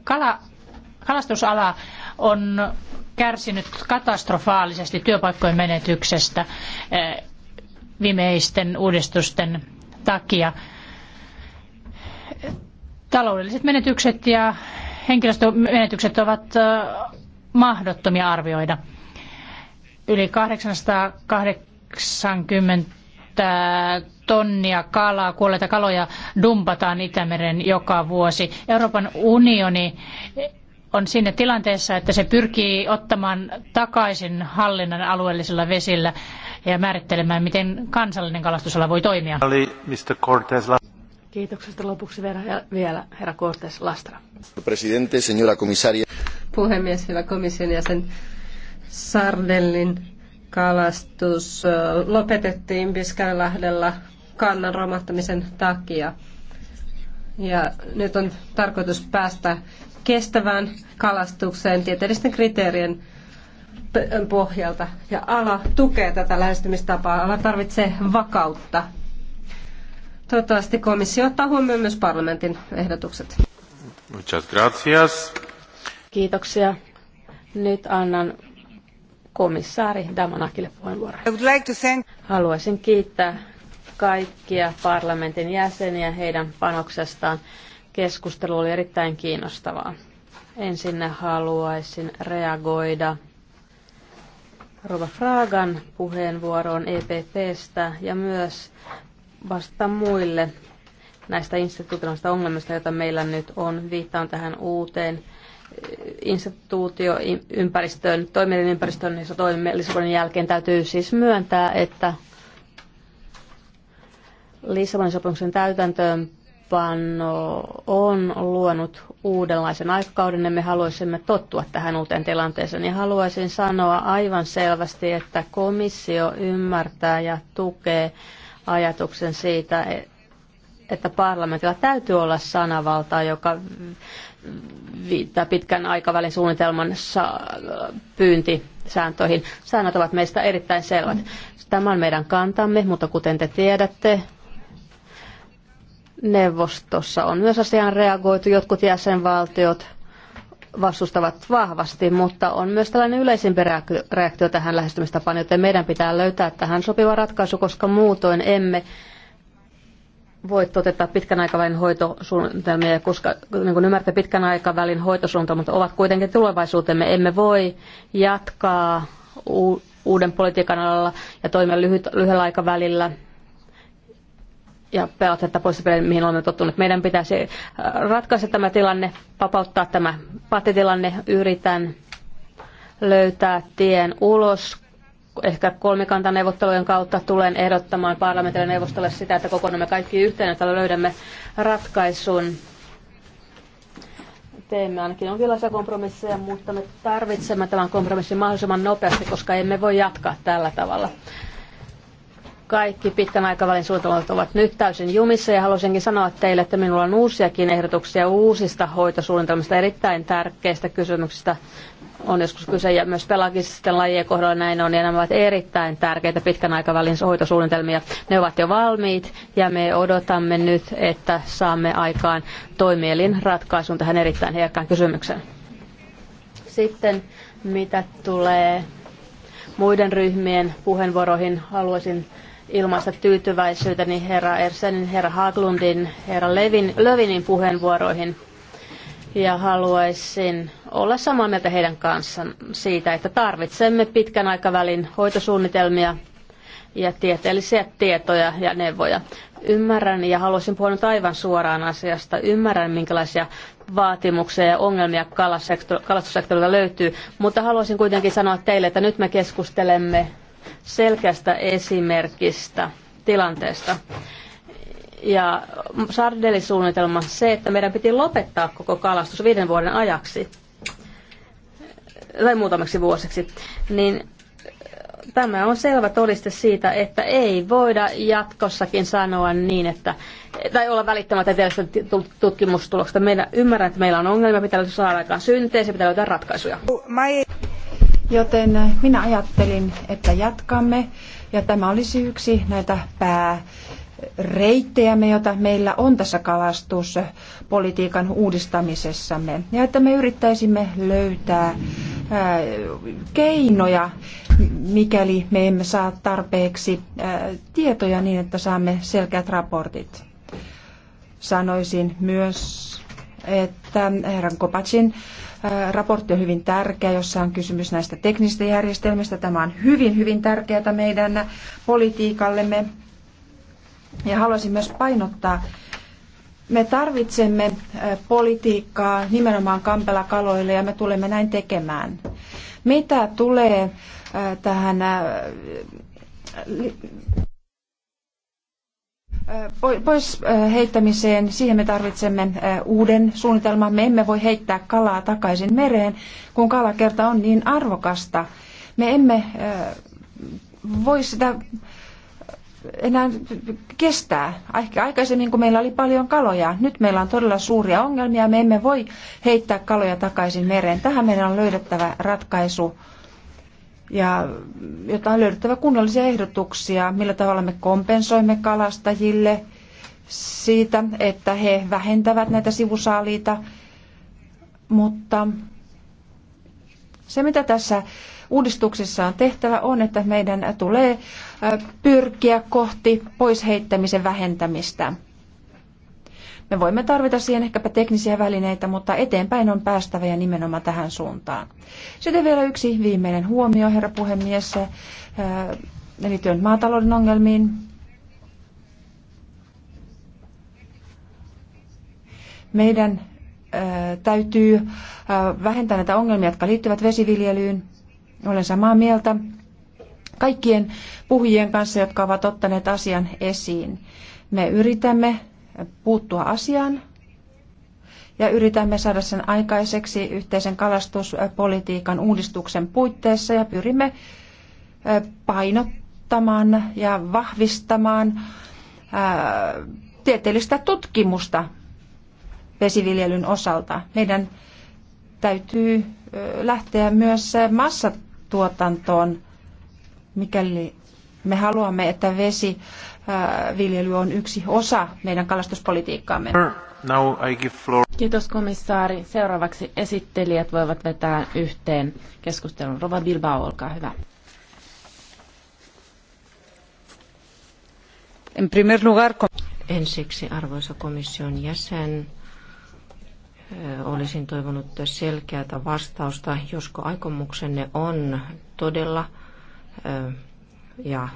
Kala, kalastusala on kärsinyt katastrofaalisesti työpaikkojen menetyksestä eh, viimeisten uudistusten takia. Taloudelliset menetykset ja henkilöstömenetykset ovat eh, mahdottomia arvioida. Yli 880 tonnia kalaa, kuolleita kaloja dumpataan Itämeren joka vuosi. Euroopan unioni on siinä tilanteessa, että se pyrkii ottamaan takaisin hallinnan alueellisilla vesillä ja määrittelemään, miten kansallinen kalastusala voi toimia. Oli Mr. Cortez Kiitoksesta lopuksi vielä herra Cortes Lastra. Presidente, señora komissaria. Puhemies, hyvä komission jäsen. Sardellin kalastus lopetettiin Piskänlahdella kannan romahtamisen takia. Ja nyt on tarkoitus päästä kestävään kalastukseen tieteellisten kriteerien pohjalta. Ja ala tukee tätä lähestymistapaa. Ala tarvitsee vakautta Toivottavasti komissio ottaa huomioon myös parlamentin ehdotukset. Muchas gracias. Kiitoksia. Nyt annan komissaari Damanakille puheenvuoron. Haluaisin kiittää kaikkia parlamentin jäseniä heidän panoksestaan. Keskustelu oli erittäin kiinnostavaa. Ensin haluaisin reagoida Rova Fragan puheenvuoroon EPPstä ja myös vasta muille näistä instituutioista ongelmista, joita meillä nyt on. Viittaan tähän uuteen eh, instituutioympäristöön, ympäristöön, jossa toimimme Lissabonin jälkeen. Täytyy siis myöntää, että Lissabonin sopimuksen täytäntöönpano on luonut uudenlaisen aikakauden ja me haluaisimme tottua tähän uuteen tilanteeseen. Ja haluaisin sanoa aivan selvästi, että komissio ymmärtää ja tukee ajatuksen siitä, että parlamentilla täytyy olla sanavaltaa, joka viittaa pitkän aikavälin suunnitelman sääntöihin, Säännöt ovat meistä erittäin selvät. Tämä on meidän kantamme, mutta kuten te tiedätte, neuvostossa on myös asiaan reagoitu. Jotkut jäsenvaltiot vastustavat vahvasti, mutta on myös tällainen yleisempi reaktio tähän lähestymistapaan, joten meidän pitää löytää tähän sopiva ratkaisu, koska muutoin emme voi toteuttaa pitkän aikavälin hoitosuunnitelmia, koska niin kuin ymmärrätte, pitkän aikavälin hoitosuunnitelmat ovat kuitenkin tulevaisuutemme. Emme voi jatkaa uuden politiikan alalla ja toimia lyhyt, lyhyellä aikavälillä ja pelotetta pois pelin, mihin olemme tottuneet. Meidän pitäisi äh, ratkaista tämä tilanne, vapauttaa tämä patitilanne, yritän löytää tien ulos. Ehkä kolmikantaneuvottelujen kautta tulen ehdottamaan parlamentille neuvostolle sitä, että kokoonnamme kaikki yhteen, että löydämme ratkaisun. Teemme ainakin jonkinlaisia kompromisseja, mutta me tarvitsemme tämän kompromissin mahdollisimman nopeasti, koska emme voi jatkaa tällä tavalla. Kaikki pitkän aikavälin suunnitelmat ovat nyt täysin jumissa ja haluaisinkin sanoa teille, että minulla on uusiakin ehdotuksia uusista hoitosuunnitelmista, erittäin tärkeistä kysymyksistä. On joskus kyse ja myös pelagisten lajien kohdalla näin on ja nämä ovat erittäin tärkeitä pitkän aikavälin hoitosuunnitelmia. Ne ovat jo valmiit ja me odotamme nyt, että saamme aikaan toimielin ratkaisun tähän erittäin herkkään kysymykseen. Sitten mitä tulee muiden ryhmien puheenvuoroihin haluaisin ilmaista tyytyväisyyteni niin herra Ersenin, herra Haglundin, herra Levin, Lövinin puheenvuoroihin. Ja haluaisin olla samaa mieltä heidän kanssaan siitä, että tarvitsemme pitkän aikavälin hoitosuunnitelmia ja tieteellisiä tietoja ja neuvoja. Ymmärrän ja haluaisin puhua nyt aivan suoraan asiasta. Ymmärrän, minkälaisia vaatimuksia ja ongelmia kalastussektorilta löytyy, mutta haluaisin kuitenkin sanoa teille, että nyt me keskustelemme selkeästä esimerkistä tilanteesta. Ja suunnitelma se, että meidän piti lopettaa koko kalastus viiden vuoden ajaksi tai muutamaksi vuosiksi, niin tämä on selvä todiste siitä, että ei voida jatkossakin sanoa niin, että tai olla välittämättä tietysti tutkimustuloksesta. Meidän, ymmärrän, että meillä on ongelmia, pitää saada aikaan synteesi, pitää löytää ratkaisuja. Joten minä ajattelin, että jatkamme ja tämä olisi yksi näitä pääreittejämme, jota meillä on tässä kalastuspolitiikan uudistamisessamme. Ja että me yrittäisimme löytää äh, keinoja, mikäli me emme saa tarpeeksi äh, tietoja niin, että saamme selkeät raportit. Sanoisin myös, että herran Kopacin Raportti on hyvin tärkeä, jossa on kysymys näistä teknisistä järjestelmistä. Tämä on hyvin, hyvin tärkeää meidän politiikallemme. Ja haluaisin myös painottaa, me tarvitsemme politiikkaa nimenomaan kampela kaloille ja me tulemme näin tekemään. Mitä tulee tähän Pois heittämiseen, siihen me tarvitsemme uuden suunnitelman. Me emme voi heittää kalaa takaisin mereen, kun kalakerta on niin arvokasta. Me emme voi sitä enää kestää. Aikaisemmin, kun meillä oli paljon kaloja, nyt meillä on todella suuria ongelmia. Me emme voi heittää kaloja takaisin mereen. Tähän meidän on löydettävä ratkaisu ja jotta on löydettävä kunnollisia ehdotuksia, millä tavalla me kompensoimme kalastajille siitä, että he vähentävät näitä sivusaaliita. Mutta se, mitä tässä uudistuksessa on tehtävä, on, että meidän tulee pyrkiä kohti poisheittämisen vähentämistä. Me voimme tarvita siihen ehkäpä teknisiä välineitä, mutta eteenpäin on päästävä ja nimenomaan tähän suuntaan. Sitten vielä yksi viimeinen huomio, herra puhemies, äh, liittyen maatalouden ongelmiin. Meidän äh, täytyy äh, vähentää näitä ongelmia, jotka liittyvät vesiviljelyyn. Olen samaa mieltä kaikkien puhujien kanssa, jotka ovat ottaneet asian esiin. Me yritämme puuttua asiaan ja yritämme saada sen aikaiseksi yhteisen kalastuspolitiikan uudistuksen puitteissa ja pyrimme painottamaan ja vahvistamaan tieteellistä tutkimusta vesiviljelyn osalta. Meidän täytyy lähteä myös massatuotantoon, mikäli me haluamme, että vesiviljely äh, on yksi osa meidän kalastuspolitiikkaamme. Now I give floor. Kiitos komissaari. Seuraavaksi esittelijät voivat vetää yhteen keskustelun. Rova Bilbao, olkaa hyvä. En primer lugar... Ensiksi arvoisa komission jäsen, äh, olisin toivonut selkeää vastausta, josko aikomuksenne on todella äh, ja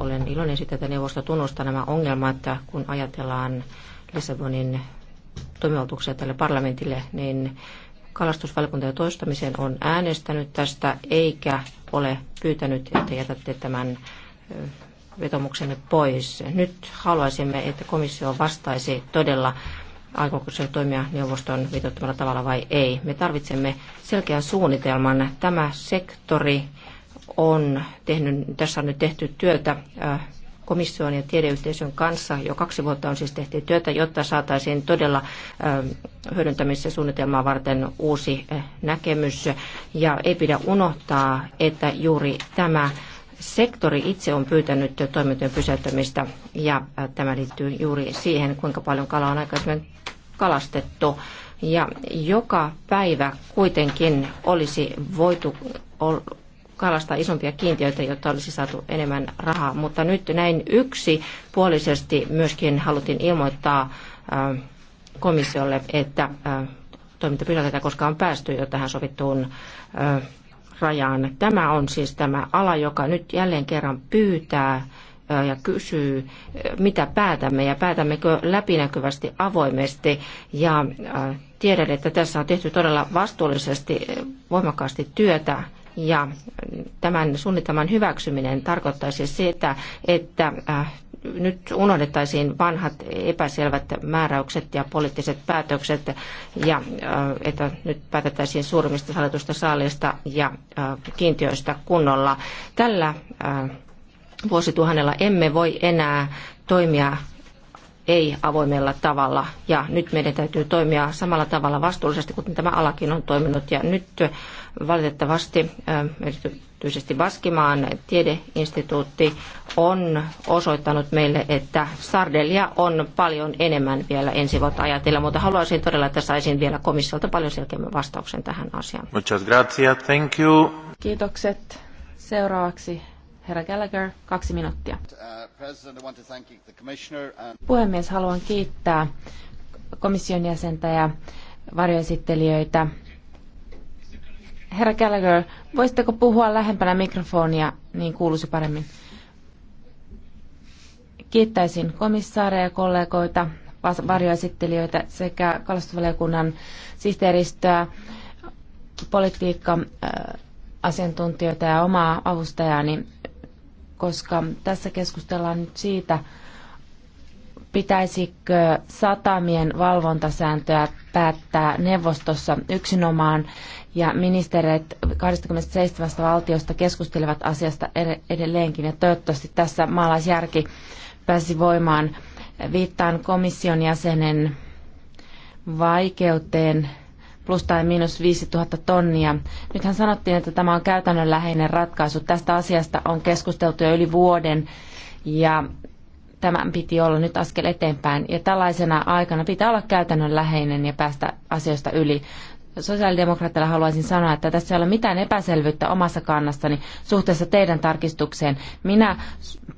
olen iloinen siitä, että neuvosto tunnustaa nämä ongelmat, että kun ajatellaan Lissabonin toimivaltuuksia tälle parlamentille, niin kalastusvaliokunta toistamiseen on äänestänyt tästä, eikä ole pyytänyt, että jätätte tämän vetomuksenne pois. Nyt haluaisimme, että komissio vastaisi todella aikooko se toimia neuvoston viitottamalla tavalla vai ei. Me tarvitsemme selkeän suunnitelman. Tämä sektori on tehnyt, tässä on nyt tehty työtä komission ja tiedeyhteisön kanssa. Jo kaksi vuotta on siis tehty työtä, jotta saataisiin todella hyödyntämisen suunnitelmaa varten uusi näkemys. Ja ei pidä unohtaa, että juuri tämä sektori itse on pyytänyt toimintojen pysäyttämistä ja tämä liittyy juuri siihen, kuinka paljon kalaa on aikaisemmin kalastettu. Ja joka päivä kuitenkin olisi voitu kalastaa isompia kiintiöitä, jotta olisi saatu enemmän rahaa. Mutta nyt näin yksi puolisesti myöskin haluttiin ilmoittaa äh, komissiolle, että äh, toiminta pysäytetään, koska on päästy jo tähän sovittuun äh, rajaan. Tämä on siis tämä ala, joka nyt jälleen kerran pyytää ja kysyy, mitä päätämme ja päätämmekö läpinäkyvästi avoimesti. Ja tiedän, että tässä on tehty todella vastuullisesti voimakkaasti työtä ja tämän suunnitelman hyväksyminen tarkoittaisi sitä, että äh, nyt unohdettaisiin vanhat epäselvät määräykset ja poliittiset päätökset ja äh, että nyt päätettäisiin suurimmista salitusta saalista ja äh, kiintiöistä kunnolla. Tällä vuosituhannella emme voi enää toimia ei avoimella tavalla. Ja nyt meidän täytyy toimia samalla tavalla vastuullisesti, kuten tämä alakin on toiminut. Ja nyt Valitettavasti erityisesti Baskimaan tiedeinstituutti on osoittanut meille, että sardelia on paljon enemmän vielä ensi vuotta ajatella, mutta haluaisin todella, että saisin vielä komissiolta paljon selkeämmän vastauksen tähän asiaan. Muchas gracias, thank you. Kiitokset. Seuraavaksi herra Gallagher, kaksi minuuttia. Uh, Puhemies, haluan kiittää komission jäsentä ja varjoesittelijöitä Herra Gallagher, voisitteko puhua lähempänä mikrofonia, niin kuuluisi paremmin. Kiittäisin komissaareja, kollegoita, varjoesittelijöitä sekä kalastusvaliokunnan sihteeristöä, politiikka-asiantuntijoita äh, ja omaa avustajaani, koska tässä keskustellaan nyt siitä, pitäisikö satamien valvontasääntöä päättää neuvostossa yksinomaan ja ministerit 27 valtiosta keskustelevat asiasta edelleenkin ja toivottavasti tässä maalaisjärki pääsi voimaan. Viittaan komission jäsenen vaikeuteen plus tai miinus 5000 tonnia. Nythän sanottiin, että tämä on käytännönläheinen ratkaisu. Tästä asiasta on keskusteltu jo yli vuoden ja Tämän piti olla nyt askel eteenpäin ja tällaisena aikana pitää olla käytännönläheinen ja päästä asioista yli. Sosiaalidemokraatteilla haluaisin sanoa, että tässä ei ole mitään epäselvyyttä omassa kannassani suhteessa teidän tarkistukseen. Minä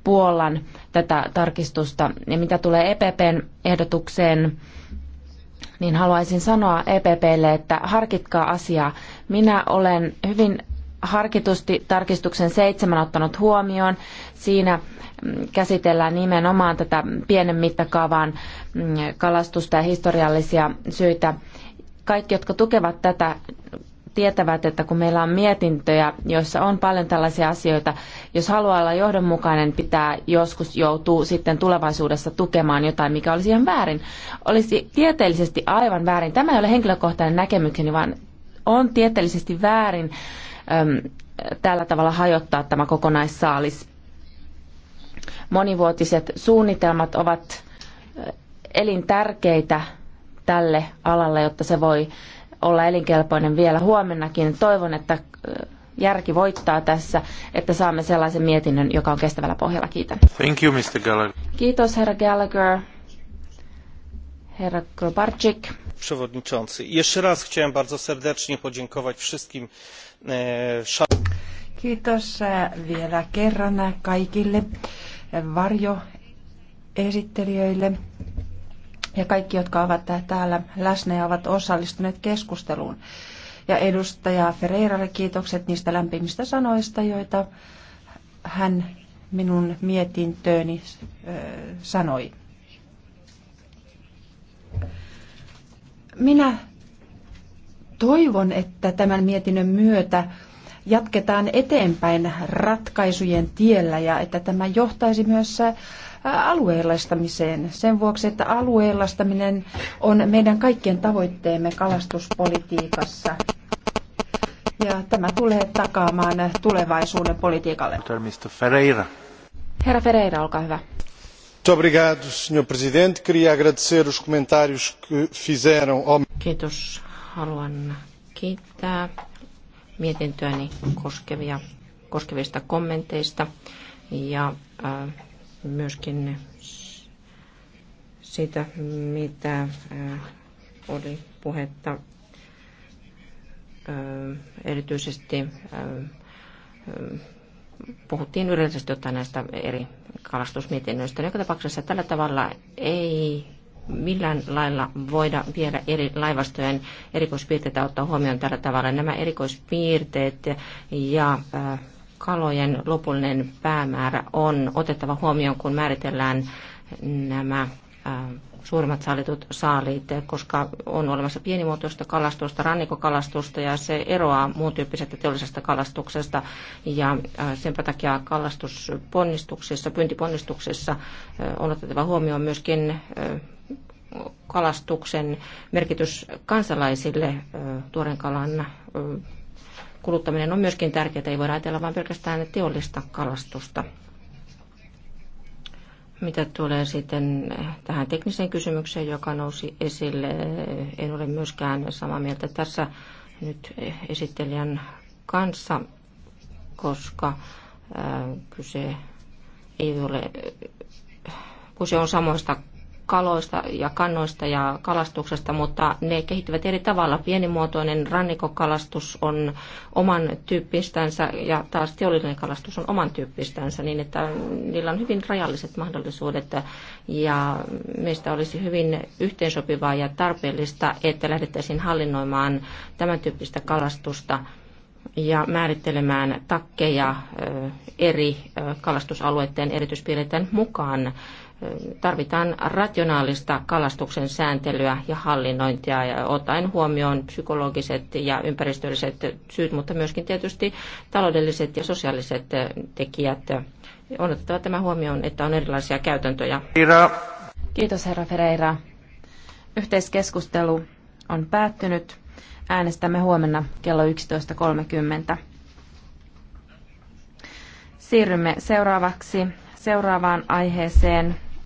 puollan tätä tarkistusta ja mitä tulee EPPn ehdotukseen, niin haluaisin sanoa EPPlle, että harkitkaa asiaa. Minä olen hyvin harkitusti tarkistuksen seitsemän ottanut huomioon. Siinä mm, käsitellään nimenomaan tätä pienen mittakaavan mm, kalastusta ja historiallisia syitä. Kaikki, jotka tukevat tätä, tietävät, että kun meillä on mietintöjä, joissa on paljon tällaisia asioita, jos haluaa olla johdonmukainen, pitää joskus joutuu sitten tulevaisuudessa tukemaan jotain, mikä olisi ihan väärin. Olisi tieteellisesti aivan väärin. Tämä ei ole henkilökohtainen näkemykseni, vaan on tieteellisesti väärin tällä tavalla hajottaa tämä kokonaissaalis. Monivuotiset suunnitelmat ovat elintärkeitä tälle alalle, jotta se voi olla elinkelpoinen vielä huomennakin. Toivon, että järki voittaa tässä, että saamme sellaisen mietinnön, joka on kestävällä pohjalla. Kiitän. Thank you, Mr. Gallagher. Kiitos, herra Gallagher. Herra Grobarczyk. Przewodniczący. Jeszcze raz chciałem bardzo serdecznie podziękować wszystkim Kiitos eh, vielä kerran kaikille varjoesittelijöille ja kaikki, jotka ovat täällä läsnä ja ovat osallistuneet keskusteluun. Ja edustaja Ferreiralle kiitokset niistä lämpimistä sanoista, joita hän minun mietintööni eh, sanoi. Minä toivon, että tämän mietinnön myötä jatketaan eteenpäin ratkaisujen tiellä ja että tämä johtaisi myös äh, alueellistamiseen sen vuoksi, että alueellistaminen on meidän kaikkien tavoitteemme kalastuspolitiikassa. Ja tämä tulee takaamaan tulevaisuuden politiikalle. Mr. Ferreira. Herra Ferreira, olkaa hyvä. Obrigado, Sr. Presidente. Queria agradecer os comentários que fizeram ao... Kiitos, Haluan kiittää mietintöäni koskevia, koskevista kommenteista ja äh, myöskin siitä, mitä äh, oli puhetta äh, erityisesti puhuttiin yleisesti ottaen näistä eri kalastusmietinnöistä. Joka tapauksessa tällä tavalla ei millään lailla voida vielä eri laivastojen erikoispiirteitä ottaa huomioon tällä tavalla. Nämä erikoispiirteet ja äh, kalojen lopullinen päämäärä on otettava huomioon, kun määritellään nämä äh, suurimmat saalitut saaliit, koska on olemassa pienimuotoista kalastusta, rannikokalastusta ja se eroaa muun tyyppisestä teollisesta kalastuksesta ja äh, sen takia kalastusponnistuksissa, pyyntiponnistuksissa on otettava huomioon myöskin kalastuksen merkitys kansalaisille, tuoren kalan kuluttaminen on myöskin tärkeää. Ei voida ajatella vain pelkästään teollista kalastusta. Mitä tulee sitten tähän tekniseen kysymykseen, joka nousi esille, en ole myöskään samaa mieltä tässä nyt esittelijän kanssa, koska kyse ei ole, kun se on samoista kaloista ja kannoista ja kalastuksesta, mutta ne kehittyvät eri tavalla. Pienimuotoinen rannikokalastus on oman tyyppistänsä ja taas teollinen kalastus on oman tyyppistänsä, niin että niillä on hyvin rajalliset mahdollisuudet ja meistä olisi hyvin yhteensopivaa ja tarpeellista, että lähdettäisiin hallinnoimaan tämän tyyppistä kalastusta ja määrittelemään takkeja eri kalastusalueiden erityispiirteiden mukaan tarvitaan rationaalista kalastuksen sääntelyä ja hallinnointia ja ottaen huomioon psykologiset ja ympäristölliset syyt, mutta myöskin tietysti taloudelliset ja sosiaaliset tekijät. On otettava tämä huomioon, että on erilaisia käytäntöjä. Ira. Kiitos herra Ferreira. Yhteiskeskustelu on päättynyt. Äänestämme huomenna kello 11.30. Siirrymme seuraavaksi seuraavaan aiheeseen.